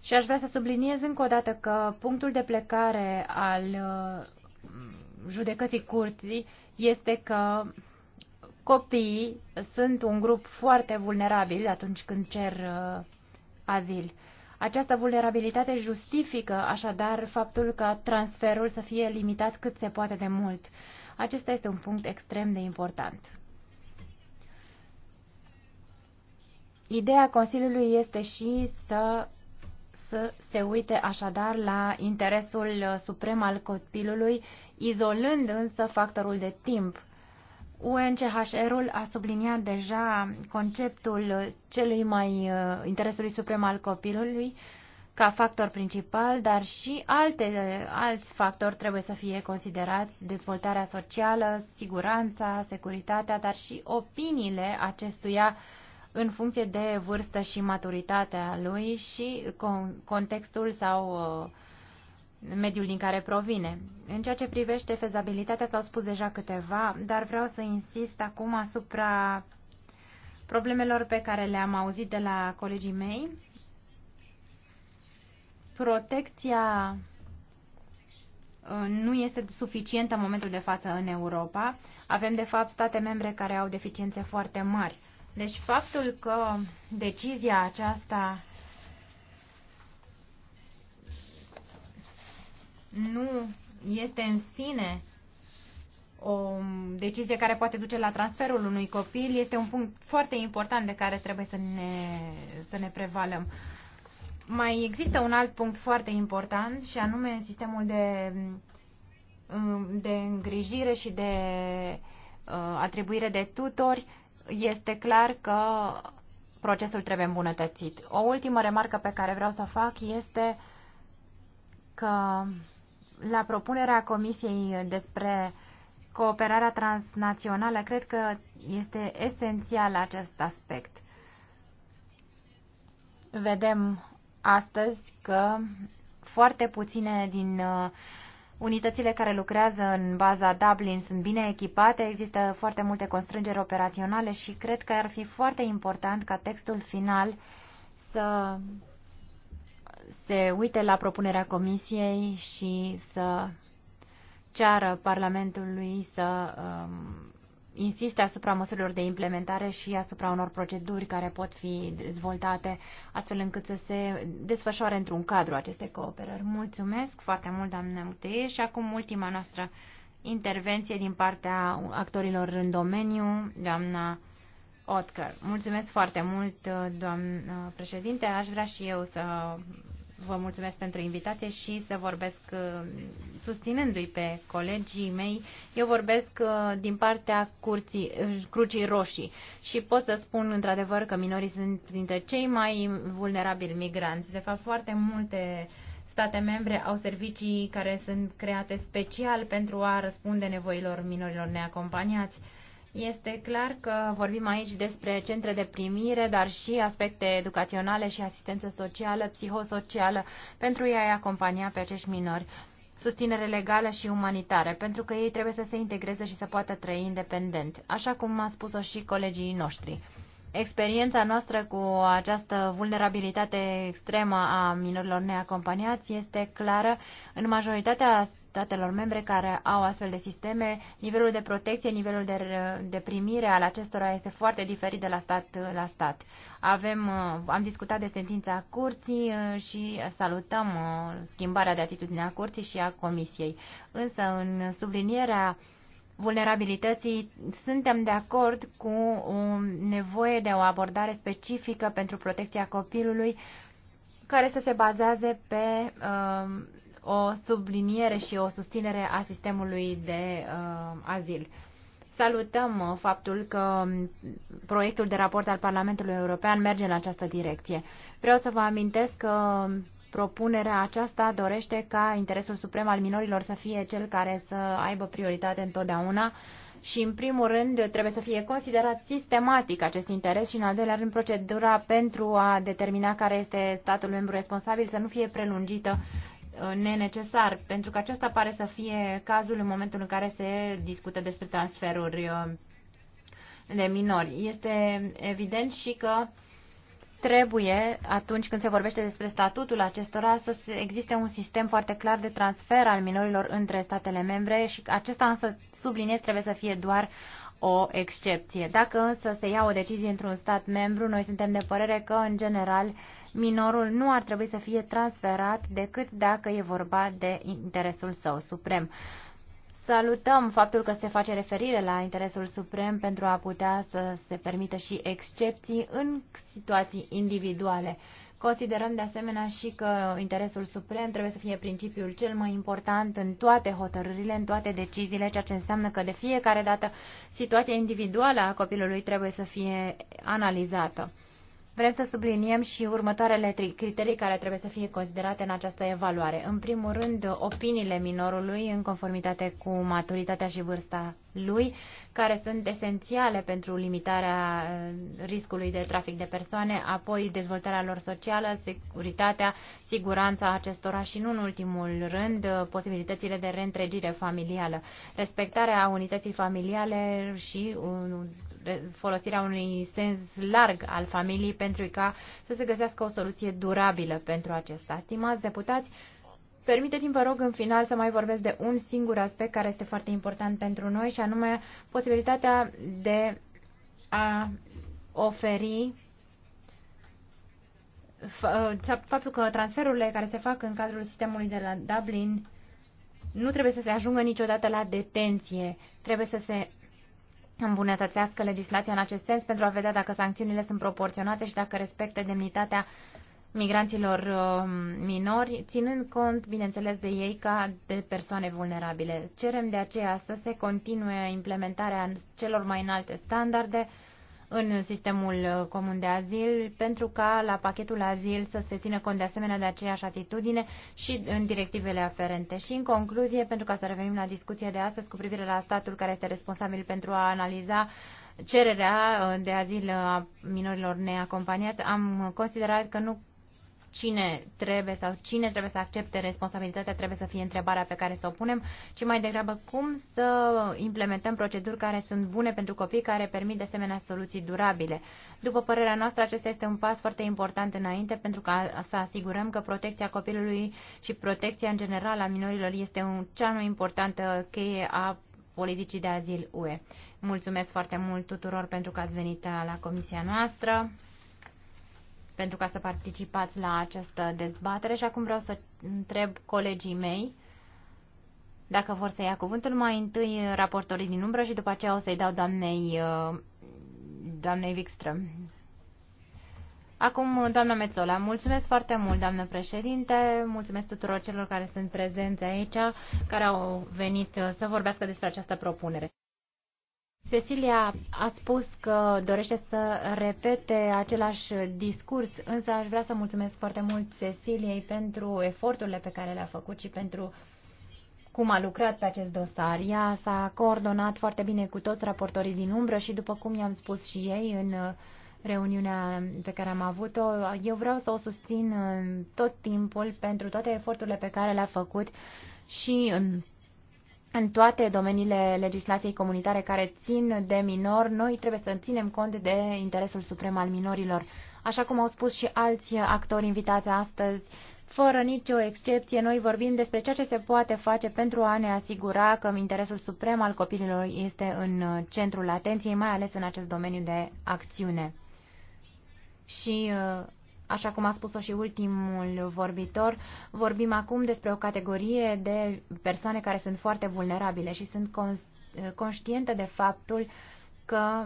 și aș vrea să subliniez încă o dată că punctul de plecare al uh, judecății curții este că Copiii sunt un grup foarte vulnerabil atunci când cer uh, azil. Această vulnerabilitate justifică așadar faptul că transferul să fie limitat cât se poate de mult. Acesta este un punct extrem de important. Ideea Consiliului este și să, să se uite așadar la interesul suprem al copilului, izolând însă factorul de timp. UNCHR-ul a subliniat deja conceptul celui mai uh, interesului suprem al copilului ca factor principal, dar și alte, alți factori trebuie să fie considerați, dezvoltarea socială, siguranța, securitatea, dar și opiniile acestuia în funcție de vârstă și maturitatea lui și contextul sau uh, mediul din care provine. În ceea ce privește fezabilitatea s-au spus deja câteva, dar vreau să insist acum asupra problemelor pe care le-am auzit de la colegii mei. Protecția uh, nu este suficientă în momentul de față în Europa. Avem, de fapt, state membre care au deficiențe foarte mari. Deci faptul că decizia aceasta nu este în sine o decizie care poate duce la transferul unui copil, este un punct foarte important de care trebuie să ne, să ne prevalăm. Mai există un alt punct foarte important și anume sistemul de, mm, de îngrijire și de uh, atribuire de tutori. Este clar că procesul trebuie îmbunătățit. O ultimă remarcă pe care vreau să o fac este că la propunerea Comisiei despre cooperarea transnațională, cred că este esențial acest aspect. Vedem astăzi că foarte puține din uh, unitățile care lucrează în baza Dublin sunt bine echipate, există foarte multe constrângeri operaționale și cred că ar fi foarte important ca textul final să se uite la propunerea Comisiei și să ceară Parlamentului să um, insiste asupra măsurilor de implementare și asupra unor proceduri care pot fi dezvoltate astfel încât să se desfășoare într-un cadru aceste cooperări. Mulțumesc foarte mult, doamne Muteie, și acum ultima noastră intervenție din partea actorilor în domeniu, doamna Otker. Mulțumesc foarte mult, doamnă președinte. Aș vrea și eu să vă mulțumesc pentru invitație și să vorbesc uh, susținându-i pe colegii mei. Eu vorbesc uh, din partea curții, uh, Crucii Roșii și pot să spun într-adevăr că minorii sunt dintre cei mai vulnerabili migranți. De fapt, foarte multe state membre au servicii care sunt create special pentru a răspunde nevoilor minorilor neacompaniați. Este clar că vorbim aici despre centre de primire, dar și aspecte educaționale și asistență socială, psihosocială, pentru a-i acompania pe acești minori susținere legală și umanitară, pentru că ei trebuie să se integreze și să poată trăi independent, așa cum a spus-o și colegii noștri. Experiența noastră cu această vulnerabilitate extremă a minorilor neacompaniați este clară în majoritatea statelor membre care au astfel de sisteme. Nivelul de protecție, nivelul de, de primire al acestora este foarte diferit de la stat la stat. Avem, uh, am discutat de sentința curții uh, și salutăm uh, schimbarea de atitudine a curții și a comisiei. Însă, în sublinierea vulnerabilității, suntem de acord cu o um, nevoie de o abordare specifică pentru protecția copilului care să se bazeze pe uh, o subliniere și o susținere a sistemului de uh, azil. Salutăm uh, faptul că um, proiectul de raport al Parlamentului European merge în această direcție. Vreau să vă amintesc că um, propunerea aceasta dorește ca interesul suprem al minorilor să fie cel care să aibă prioritate întotdeauna și, în primul rând, trebuie să fie considerat sistematic acest interes și, în al doilea rând, procedura pentru a determina care este statul membru responsabil să nu fie prelungită Uh, nenecesar, pentru că acesta pare să fie cazul în momentul în care se discută despre transferuri uh, de minori. Este evident și că trebuie, atunci când se vorbește despre statutul acestora, să existe un sistem foarte clar de transfer al minorilor între statele membre și acesta însă, subliniez, trebuie să fie doar o excepție. Dacă însă se ia o decizie într-un stat membru, noi suntem de părere că, în general, uh, minorul nu ar trebui să fie transferat decât dacă e vorba de interesul său suprem. Salutăm faptul că se face referire la interesul suprem pentru a putea să se permită și excepții în situații individuale. Considerăm de asemenea și că interesul suprem trebuie să fie principiul cel mai important în toate hotărârile, în toate deciziile, ceea ce înseamnă că de fiecare dată situația individuală a copilului trebuie să fie analizată. Vrem să subliniem și următoarele criterii care trebuie să fie considerate în această evaluare. În primul rând, opiniile minorului în conformitate cu maturitatea și vârsta lui, care sunt esențiale pentru limitarea uh, riscului de trafic de persoane, apoi dezvoltarea lor socială, securitatea, siguranța acestora și, nu în ultimul rând, posibilitățile de reîntregire familială, respectarea unității familiale și uh, folosirea unui sens larg al familiei pentru ca să se găsească o soluție durabilă pentru acesta. Stimați deputați, Permiteți-mi, vă rog, în final să mai vorbesc de un singur aspect care este foarte important pentru noi și anume posibilitatea de a oferi ă, faptul că transferurile care se fac în cadrul sistemului de la Dublin nu trebuie să se ajungă niciodată la detenție, trebuie să se îmbunătățească legislația în acest sens pentru a vedea dacă sancțiunile sunt proporționate și dacă respectă demnitatea migranților uh, minori, ținând cont, bineînțeles, de ei ca de persoane vulnerabile. Cerem de aceea să se continue implementarea celor mai înalte standarde în sistemul uh, comun de azil, pentru ca la pachetul azil să se țină cont de asemenea de aceeași atitudine și uh, în directivele aferente. Și în concluzie, pentru ca să revenim la discuția de astăzi cu privire la statul care este responsabil pentru a analiza cererea uh, de azil a minorilor neacompaniați, am considerat că nu cine trebuie sau cine trebuie să accepte responsabilitatea trebuie să fie întrebarea pe care să o punem, ci mai degrabă cum să implementăm proceduri care sunt bune pentru copii, care permit de asemenea soluții durabile. După părerea noastră, acesta este un pas foarte important înainte pentru ca să asigurăm că protecția copilului și protecția în general a minorilor este un, cea mai importantă cheie a politicii de azil UE. Mulțumesc foarte mult tuturor pentru că ați venit la comisia noastră pentru ca să participați la această dezbatere și acum vreau să întreb colegii mei dacă vor să ia cuvântul mai întâi raportorii din umbră și după aceea o să-i dau doamnei, uh, doamnei Wikström. Acum, doamna Mețola, mulțumesc foarte mult, doamnă președinte, mulțumesc tuturor celor care sunt prezenți aici, care au venit să vorbească despre această propunere. Cecilia a spus că dorește să repete același discurs, însă aș vrea să mulțumesc foarte mult Ceciliei pentru eforturile pe care le-a făcut și pentru cum a lucrat pe acest dosar. Ea s-a coordonat foarte bine cu toți raportorii din umbră și, după cum i-am spus și ei în reuniunea pe care am avut-o, eu vreau să o susțin tot timpul pentru toate eforturile pe care le-a făcut și în în toate domeniile legislației comunitare care țin de minor, noi trebuie să ținem cont de interesul suprem al minorilor. Așa cum au spus și alți actori invitați astăzi, fără nicio excepție, noi vorbim despre ceea ce se poate face pentru a ne asigura că interesul suprem al copililor este în centrul atenției, mai ales în acest domeniu de acțiune. Și uh, Așa cum a spus-o și ultimul vorbitor, vorbim acum despre o categorie de persoane care sunt foarte vulnerabile și sunt conștiente de faptul că,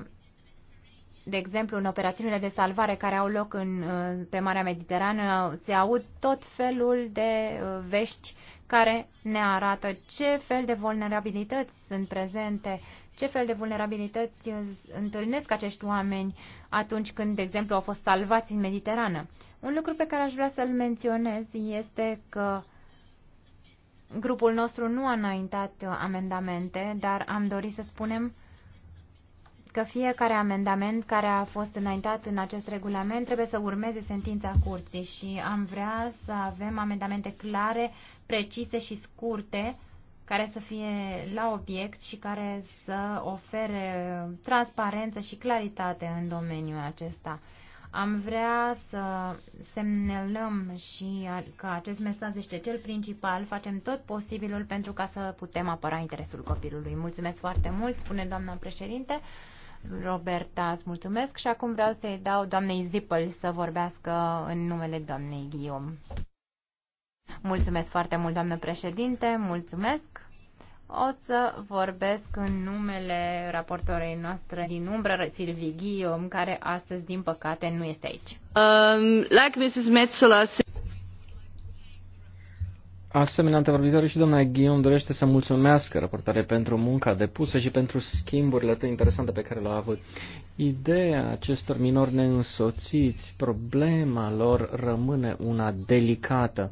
de exemplu, în operațiunile de salvare care au loc în, pe Marea Mediterană, se aud tot felul de uh, vești care ne arată ce fel de vulnerabilități sunt prezente ce fel de vulnerabilități întâlnesc acești oameni atunci când, de exemplu, au fost salvați în Mediterană. Un lucru pe care aș vrea să-l menționez este că grupul nostru nu a înaintat amendamente, dar am dorit să spunem că fiecare amendament care a fost înaintat în acest regulament trebuie să urmeze sentința curții și am vrea să avem amendamente clare, precise și scurte care să fie la obiect și care să ofere transparență și claritate în domeniul acesta. Am vrea să semnelăm și că acest mesaj este cel principal. Facem tot posibilul pentru ca să putem apăra interesul copilului. Mulțumesc foarte mult, spune doamna președinte. Roberta, îți mulțumesc și acum vreau să-i dau doamnei Zipăl să vorbească în numele doamnei Guillaume. Mulțumesc foarte mult, doamnă președinte, mulțumesc. O să vorbesc în numele raportorei noastre din umbră, Silvi Ghiom, care astăzi, din păcate, nu este aici. Um, like Mrs. Metzola, asemenea antevorbitorii și doamna Ghion dorește să mulțumească raportare pentru munca depusă și pentru schimburile atât interesante pe care le-au avut. Ideea acestor minori neînsoțiți, problema lor rămâne una delicată.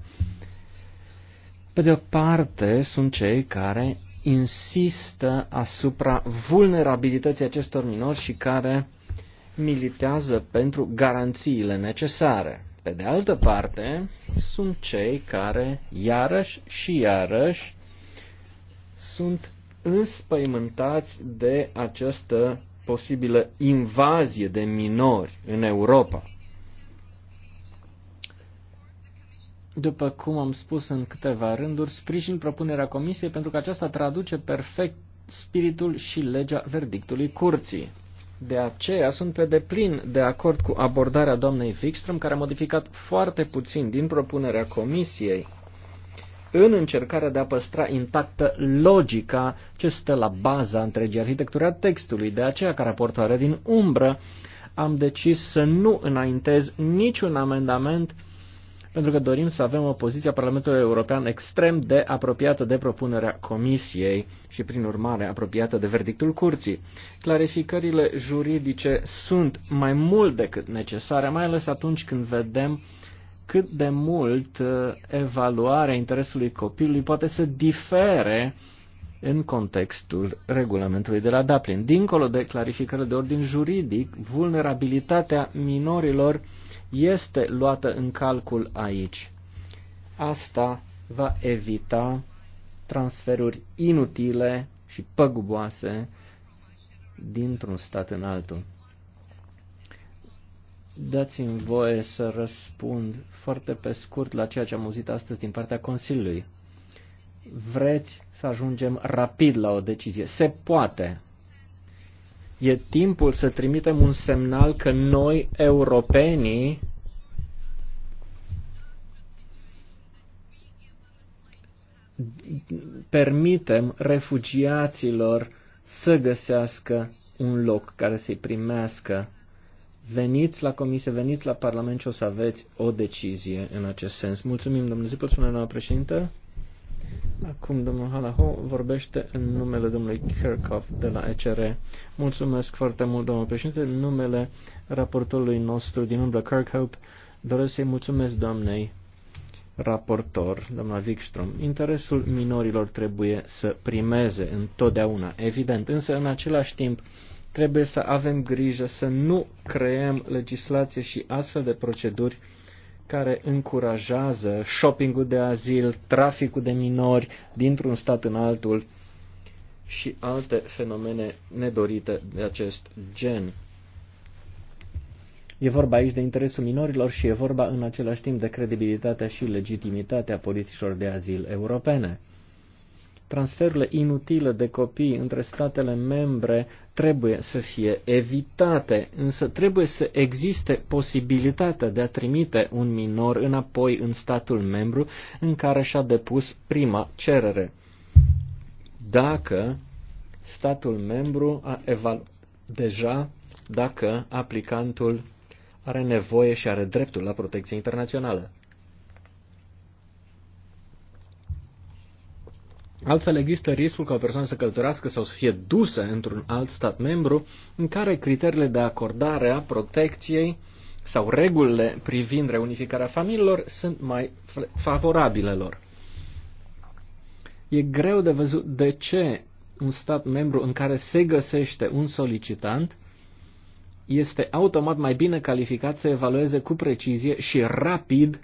Pe de o parte, sunt cei care insistă asupra vulnerabilității acestor minori și care militează pentru garanțiile necesare. Pe de altă parte, sunt cei care iarăși și iarăși sunt înspăimântați de această posibilă invazie de minori în Europa. După cum am spus în câteva rânduri, sprijin propunerea Comisiei pentru că aceasta traduce perfect spiritul și legea verdictului curții. De aceea sunt pe deplin de acord cu abordarea doamnei Wikström, care a modificat foarte puțin din propunerea comisiei în încercarea de a păstra intactă logica ce stă la baza întregii arhitecturi a textului. De aceea, ca raportoare din umbră, am decis să nu înaintez niciun amendament pentru că dorim să avem o poziție a Parlamentului European extrem de apropiată de propunerea Comisiei și, prin urmare, apropiată de verdictul curții. Clarificările juridice sunt mai mult decât necesare, mai ales atunci când vedem cât de mult uh, evaluarea interesului copilului poate să difere în contextul regulamentului de la Dublin. Dincolo de clarificările de ordin juridic, vulnerabilitatea minorilor este luată în calcul aici. Asta va evita transferuri inutile și păguboase dintr-un stat în altul. Dați-mi voie să răspund foarte pe scurt la ceea ce am auzit astăzi din partea Consiliului. Vreți să ajungem rapid la o decizie? Se poate. E timpul să trimitem un semnal că noi, europenii, permitem refugiaților să găsească un loc care să-i primească. Veniți la comisie, veniți la Parlament și o să aveți o decizie în acest sens. Mulțumim, domnule Zipăr, spune doamna președintă. Acum domnul Halaho vorbește în numele domnului Kirchhoff de la ECR. Mulțumesc foarte mult, domnul președinte. În numele raportorului nostru din umbră, Kirkhoff, doresc să-i mulțumesc doamnei raportor, doamna Wikström. Interesul minorilor trebuie să primeze întotdeauna, evident, însă în același timp trebuie să avem grijă să nu creăm legislație și astfel de proceduri care încurajează shoppingul de azil, traficul de minori dintr-un stat în altul și alte fenomene nedorite de acest gen. E vorba aici de interesul minorilor și e vorba în același timp de credibilitatea și legitimitatea politicilor de azil europene transferurile inutile de copii între statele membre trebuie să fie evitate, însă trebuie să existe posibilitatea de a trimite un minor înapoi în statul membru în care și-a depus prima cerere. Dacă statul membru a evaluat deja dacă aplicantul are nevoie și are dreptul la protecție internațională. Altfel există riscul ca o persoană să călătorească sau să fie dusă într-un alt stat membru în care criteriile de acordare a protecției sau regulile privind reunificarea familiilor sunt mai favorabile lor. E greu de văzut de ce un stat membru în care se găsește un solicitant este automat mai bine calificat să evalueze cu precizie și rapid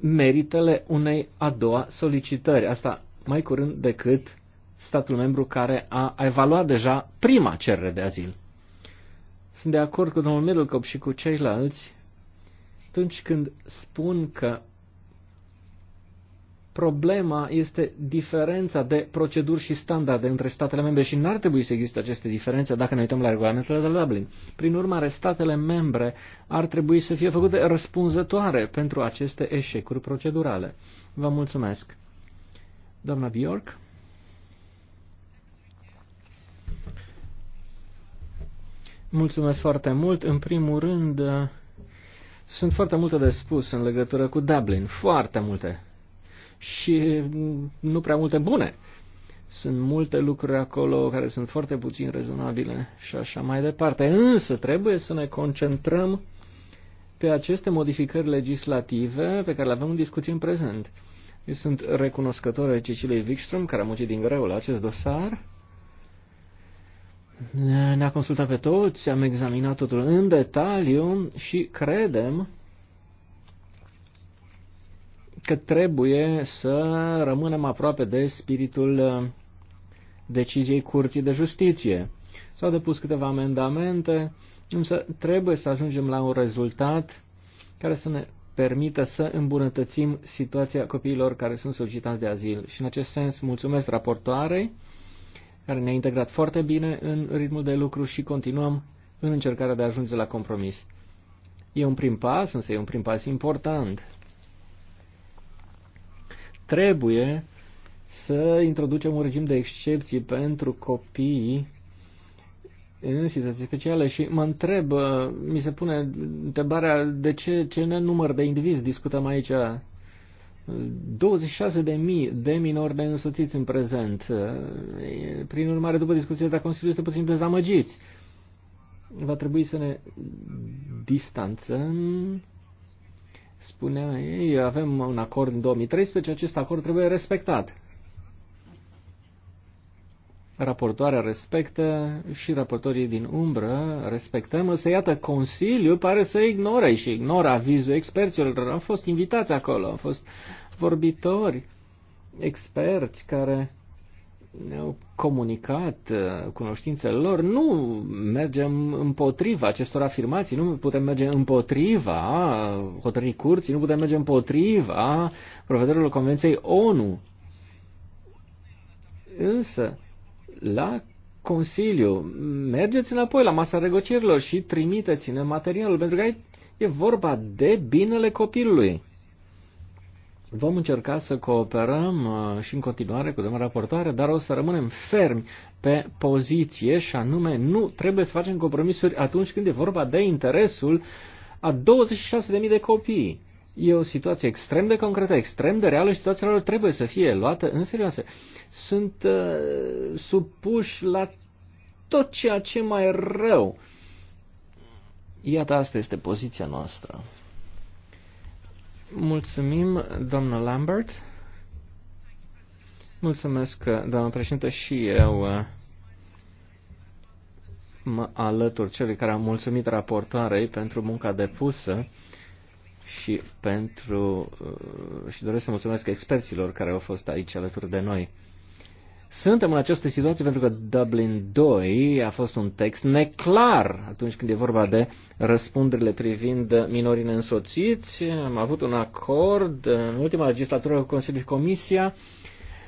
meritele unei a doua solicitări. Asta mai curând decât statul membru care a evaluat deja prima cerere de azil. Sunt de acord cu domnul Middlecop și cu ceilalți atunci când spun că problema este diferența de proceduri și standarde între statele membre și n-ar trebui să existe aceste diferențe dacă ne uităm la regulamentele de la Dublin. Prin urmare, statele membre ar trebui să fie făcute răspunzătoare pentru aceste eșecuri procedurale. Vă mulțumesc! Doamna Bjork. Mulțumesc foarte mult. În primul rând, sunt foarte multe de spus în legătură cu Dublin. Foarte multe. Și nu prea multe bune. Sunt multe lucruri acolo care sunt foarte puțin rezonabile și așa mai departe. Însă trebuie să ne concentrăm pe aceste modificări legislative pe care le avem în discuție în prezent. Eu sunt recunoscătoră Cecilei Wikström, care a muncit din greu la acest dosar. Ne-a consultat pe toți, am examinat totul în detaliu și credem că trebuie să rămânem aproape de spiritul uh, deciziei Curții de Justiție. S-au depus câteva amendamente, însă trebuie să ajungem la un rezultat care să ne permită să îmbunătățim situația copiilor care sunt solicitați de azil. Și în acest sens mulțumesc raportoarei, care ne-a integrat foarte bine în ritmul de lucru și continuăm în încercarea de a ajunge la compromis. E un prim pas, însă e un prim pas important. Trebuie să introducem un regim de excepții pentru copii în situații speciale și mă întreb, uh, mi se pune întrebarea de ce, ce număr de indivizi discutăm aici 26.000 de minori de însoțiți în prezent. Uh, prin urmare, după discuție, dacă Consiliul este puțin dezamăgiți. Va trebui să ne distanțăm. Spunea ei, avem un acord în 2013, acest acord trebuie respectat raportoarea respectă și raportorii din umbră respectăm, însă iată, Consiliul pare să ignore și ignoră avizul experților. Au fost invitați acolo, au fost vorbitori, experți care ne-au comunicat uh, cunoștințele lor. Nu mergem împotriva acestor afirmații, nu putem merge împotriva hotărârii curții, nu putem merge împotriva provederilor Convenției ONU. Însă, la Consiliu, mergeți înapoi la masa negocierilor și trimiteți-ne materialul, pentru că aici e vorba de binele copilului. Vom încerca să cooperăm uh, și în continuare cu domnul raportoare, dar o să rămânem fermi pe poziție și anume nu trebuie să facem compromisuri atunci când e vorba de interesul a 26.000 de copii. E o situație extrem de concretă, extrem de reală și situația lor trebuie să fie luată în serioase. Sunt uh, supuși la tot ceea ce mai rău. Iată, asta este poziția noastră. Mulțumim, doamnă Lambert. Mulțumesc, doamnă președinte, și eu uh, mă alătur celui care a mulțumit raportoarei pentru munca depusă și pentru uh, și doresc să mulțumesc experților care au fost aici alături de noi. Suntem în această situație pentru că Dublin 2 a fost un text neclar atunci când e vorba de răspunderile privind minorii neînsoțiți. Am avut un acord în ultima legislatură cu Consiliul și Comisia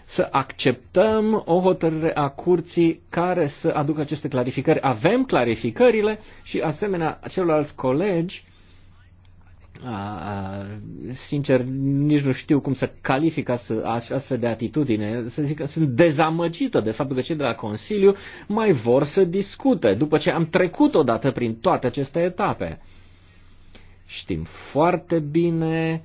să acceptăm o hotărâre a curții care să aducă aceste clarificări. Avem clarificările și, asemenea, celorlalți colegi a, sincer, nici nu știu cum să calific astfel de atitudine. Să zic că sunt dezamăgită de faptul că cei de la Consiliu mai vor să discute după ce am trecut odată prin toate aceste etape. Știm foarte bine,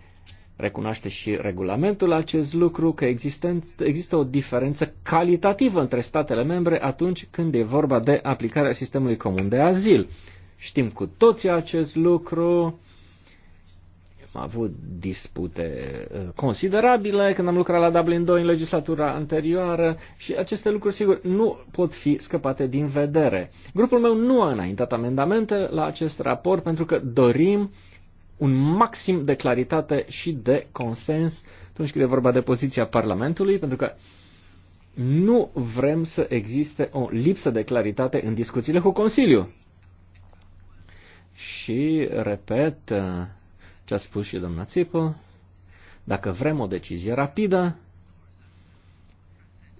recunoaște și regulamentul acest lucru, că există, există o diferență calitativă între statele membre atunci când e vorba de aplicarea sistemului comun de azil. Știm cu toții acest lucru am avut dispute uh, considerabile când am lucrat la Dublin 2 în legislatura anterioară și aceste lucruri, sigur, nu pot fi scăpate din vedere. Grupul meu nu a înaintat amendamente la acest raport pentru că dorim un maxim de claritate și de consens atunci când e vorba de poziția Parlamentului, pentru că nu vrem să existe o lipsă de claritate în discuțiile cu Consiliu. Și, repet, uh, ce a spus și doamna Țipă, dacă vrem o decizie rapidă,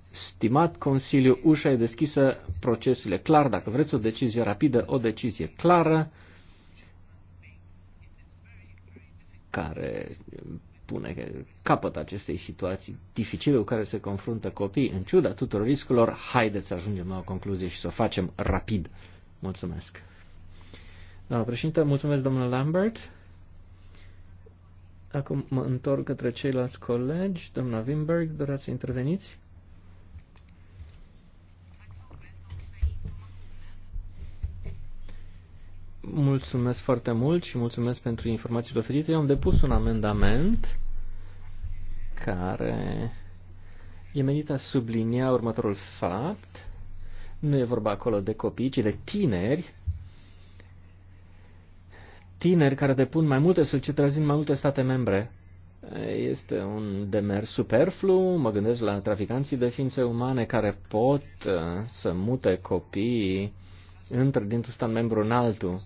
stimat Consiliu, ușa e deschisă, procesul e clar, dacă vreți o decizie rapidă, o decizie clară, care pune capăt acestei situații dificile cu care se confruntă copiii, în ciuda tuturor riscurilor, haideți să ajungem la o concluzie și să o facem rapid. Mulțumesc. Doamna președinte, mulțumesc domnule Lambert. Acum mă întorc către ceilalți colegi. Doamna Wimberg, doreați să interveniți? Mulțumesc foarte mult și mulțumesc pentru informațiile oferite. Eu am depus un amendament care e menit a sublinia următorul fapt. Nu e vorba acolo de copii, ci de tineri tineri care depun mai multe solicitări din mai multe state membre. Este un demers superflu, mă gândesc la traficanții de ființe umane care pot uh, să mute copiii între dintr-un stat membru în altul.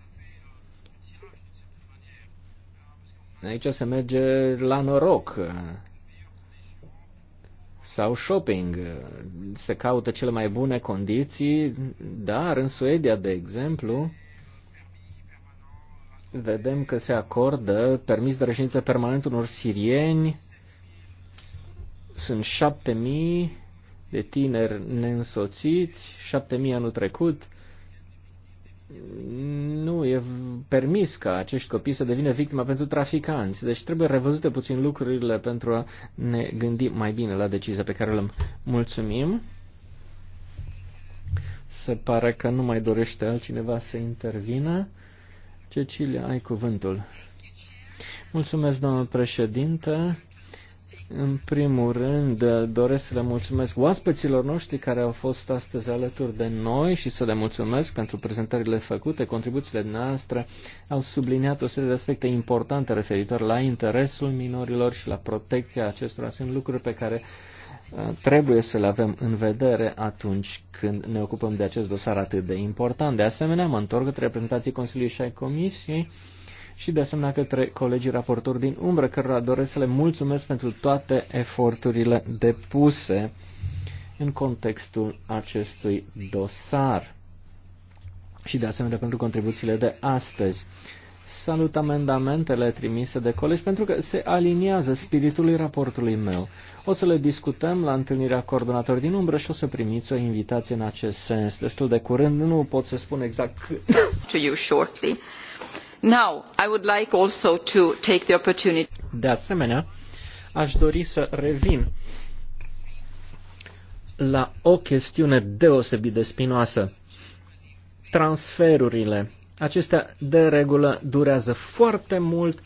Aici se merge la noroc sau shopping. Se caută cele mai bune condiții, dar în Suedia, de exemplu, vedem că se acordă permis de reședință permanent unor sirieni. Sunt șapte mii de tineri neînsoțiți, șapte mii anul trecut. Nu e permis ca acești copii să devină victima pentru traficanți. Deci trebuie revăzute puțin lucrurile pentru a ne gândi mai bine la decizia pe care le mulțumim. Se pare că nu mai dorește altcineva să intervină. Cecilia, ai cuvântul. Mulțumesc, doamnă președinte. În primul rând, doresc să le mulțumesc oaspeților noștri care au fost astăzi alături de noi și să le mulțumesc pentru prezentările făcute. Contribuțiile noastre au subliniat o serie de aspecte importante referitor la interesul minorilor și la protecția acestora. Sunt lucruri pe care trebuie să le avem în vedere atunci când ne ocupăm de acest dosar atât de important. De asemenea, mă întorc către reprezentanții Consiliului și ai Comisiei și de asemenea către colegii raportori din umbră, cărora doresc să le mulțumesc pentru toate eforturile depuse în contextul acestui dosar și de asemenea pentru contribuțiile de astăzi. Salut amendamentele trimise de colegi pentru că se aliniază spiritului raportului meu. O să le discutăm la întâlnirea coordonator din umbră și o să primiți o invitație în acest sens. Destul de curând, nu pot să spun exact to you shortly. Now, I would like also to take the opportunity. De asemenea, aș dori să revin la o chestiune deosebit de spinoasă. Transferurile. Acestea, de regulă, durează foarte mult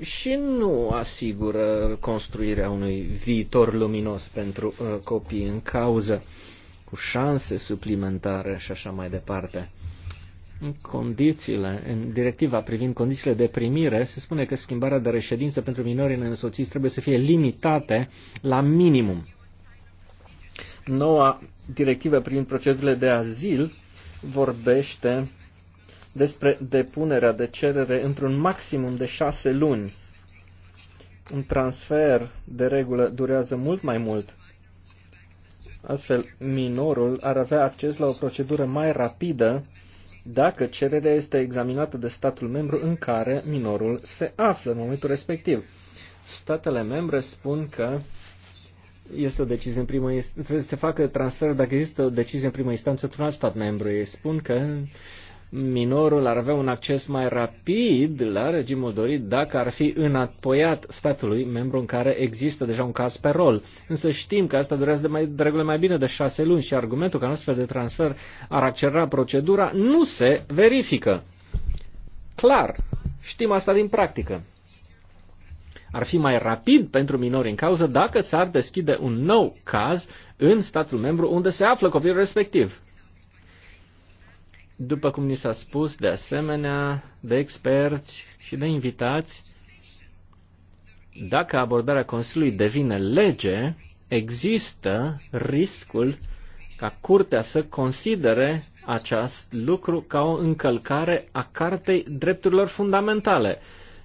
și nu asigură construirea unui viitor luminos pentru uh, copii în cauză, cu șanse suplimentare și așa mai departe. În condițiile, în directiva privind condițiile de primire, se spune că schimbarea de reședință pentru minorii neînsoțiți trebuie să fie limitate la minimum. Noua directivă privind procedurile de azil vorbește despre depunerea de cerere într-un maximum de șase luni. Un transfer de regulă durează mult mai mult. Astfel, minorul ar avea acces la o procedură mai rapidă dacă cererea este examinată de statul membru în care minorul se află în momentul respectiv. Statele membre spun că este o decizie în primă trebuie să se facă transferul dacă există o decizie în primă instanță într-un alt stat membru. Ei spun că minorul ar avea un acces mai rapid la regimul dorit dacă ar fi înapoiat statului membru în care există deja un caz pe rol. Însă știm că asta durează de, mai, de regulă mai bine de șase luni și argumentul că un astfel de transfer ar accelera procedura nu se verifică. Clar, știm asta din practică. Ar fi mai rapid pentru minori în cauză dacă s-ar deschide un nou caz în statul membru unde se află copilul respectiv. După cum ni s-a spus, de asemenea, de experți și de invitați, dacă abordarea Consiliului devine lege, există riscul ca curtea să considere acest lucru ca o încălcare a Cartei Drepturilor Fundamentale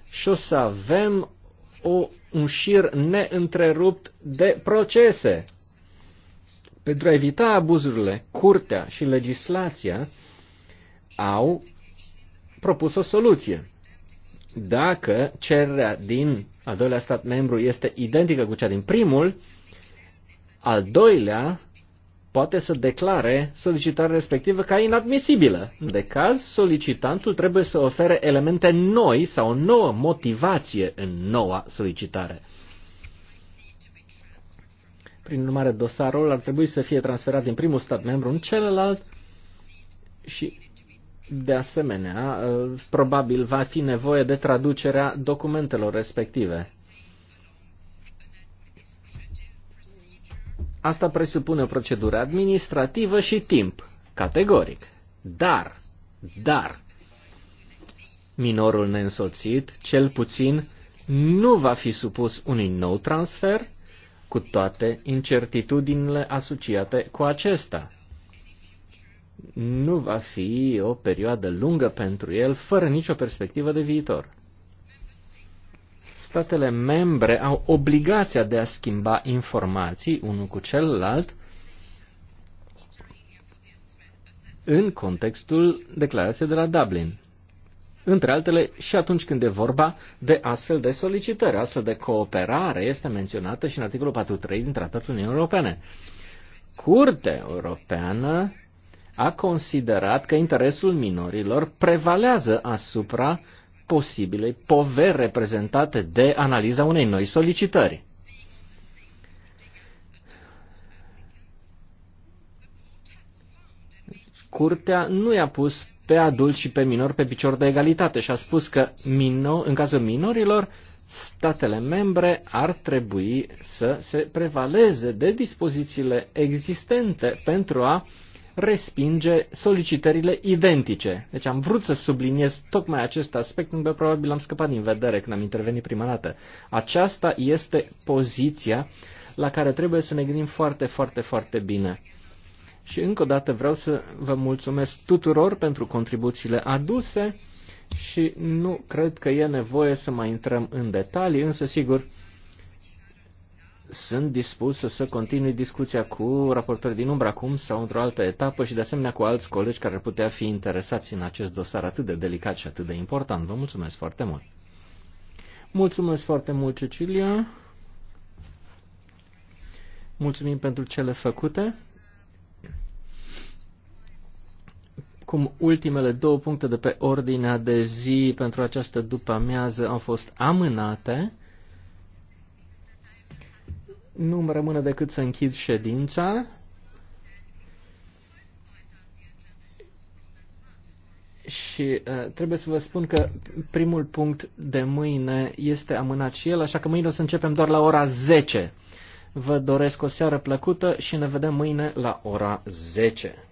și o să avem o, un șir neîntrerupt de procese. Pentru a evita abuzurile, curtea și legislația au propus o soluție. Dacă cererea din al doilea stat membru este identică cu cea din primul, al doilea poate să declare solicitarea respectivă ca inadmisibilă. De caz, solicitantul trebuie să ofere elemente noi sau o nouă motivație în noua solicitare. Prin urmare, dosarul ar trebui să fie transferat din primul stat membru în celălalt și de asemenea, uh, probabil va fi nevoie de traducerea documentelor respective. Asta presupune o procedură administrativă și timp, categoric. Dar, dar, minorul neînsoțit, cel puțin, nu va fi supus unui nou transfer, cu toate incertitudinile asociate cu acesta nu va fi o perioadă lungă pentru el, fără nicio perspectivă de viitor. Statele membre au obligația de a schimba informații unul cu celălalt în contextul declarației de la Dublin. Între altele, și atunci când e vorba de astfel de solicitări, astfel de cooperare este menționată și în articolul 43 din Tratatul Uniunii Europene. Curtea Europeană a considerat că interesul minorilor prevalează asupra posibilei poveri reprezentate de analiza unei noi solicitări. Curtea nu i-a pus pe adulți și pe minori pe picior de egalitate și a spus că mino, în cazul minorilor statele membre ar trebui să se prevaleze de dispozițiile existente pentru a respinge solicitările identice. Deci am vrut să subliniez tocmai acest aspect, pentru că probabil am scăpat din vedere când am intervenit prima dată. Aceasta este poziția la care trebuie să ne gândim foarte, foarte, foarte bine. Și încă o dată vreau să vă mulțumesc tuturor pentru contribuțiile aduse și nu cred că e nevoie să mai intrăm în detalii, însă sigur sunt dispus să continui discuția cu raportorii din umbră acum sau într-o altă etapă și de asemenea cu alți colegi care ar putea fi interesați în acest dosar atât de delicat și atât de important. Vă mulțumesc foarte mult! Mulțumesc foarte mult, Cecilia! Mulțumim pentru cele făcute! Cum ultimele două puncte de pe ordinea de zi pentru această după amiază au fost amânate, nu îmi rămâne decât să închid ședința. Și uh, trebuie să vă spun că primul punct de mâine este amânat și el, așa că mâine o să începem doar la ora 10. Vă doresc o seară plăcută și ne vedem mâine la ora 10.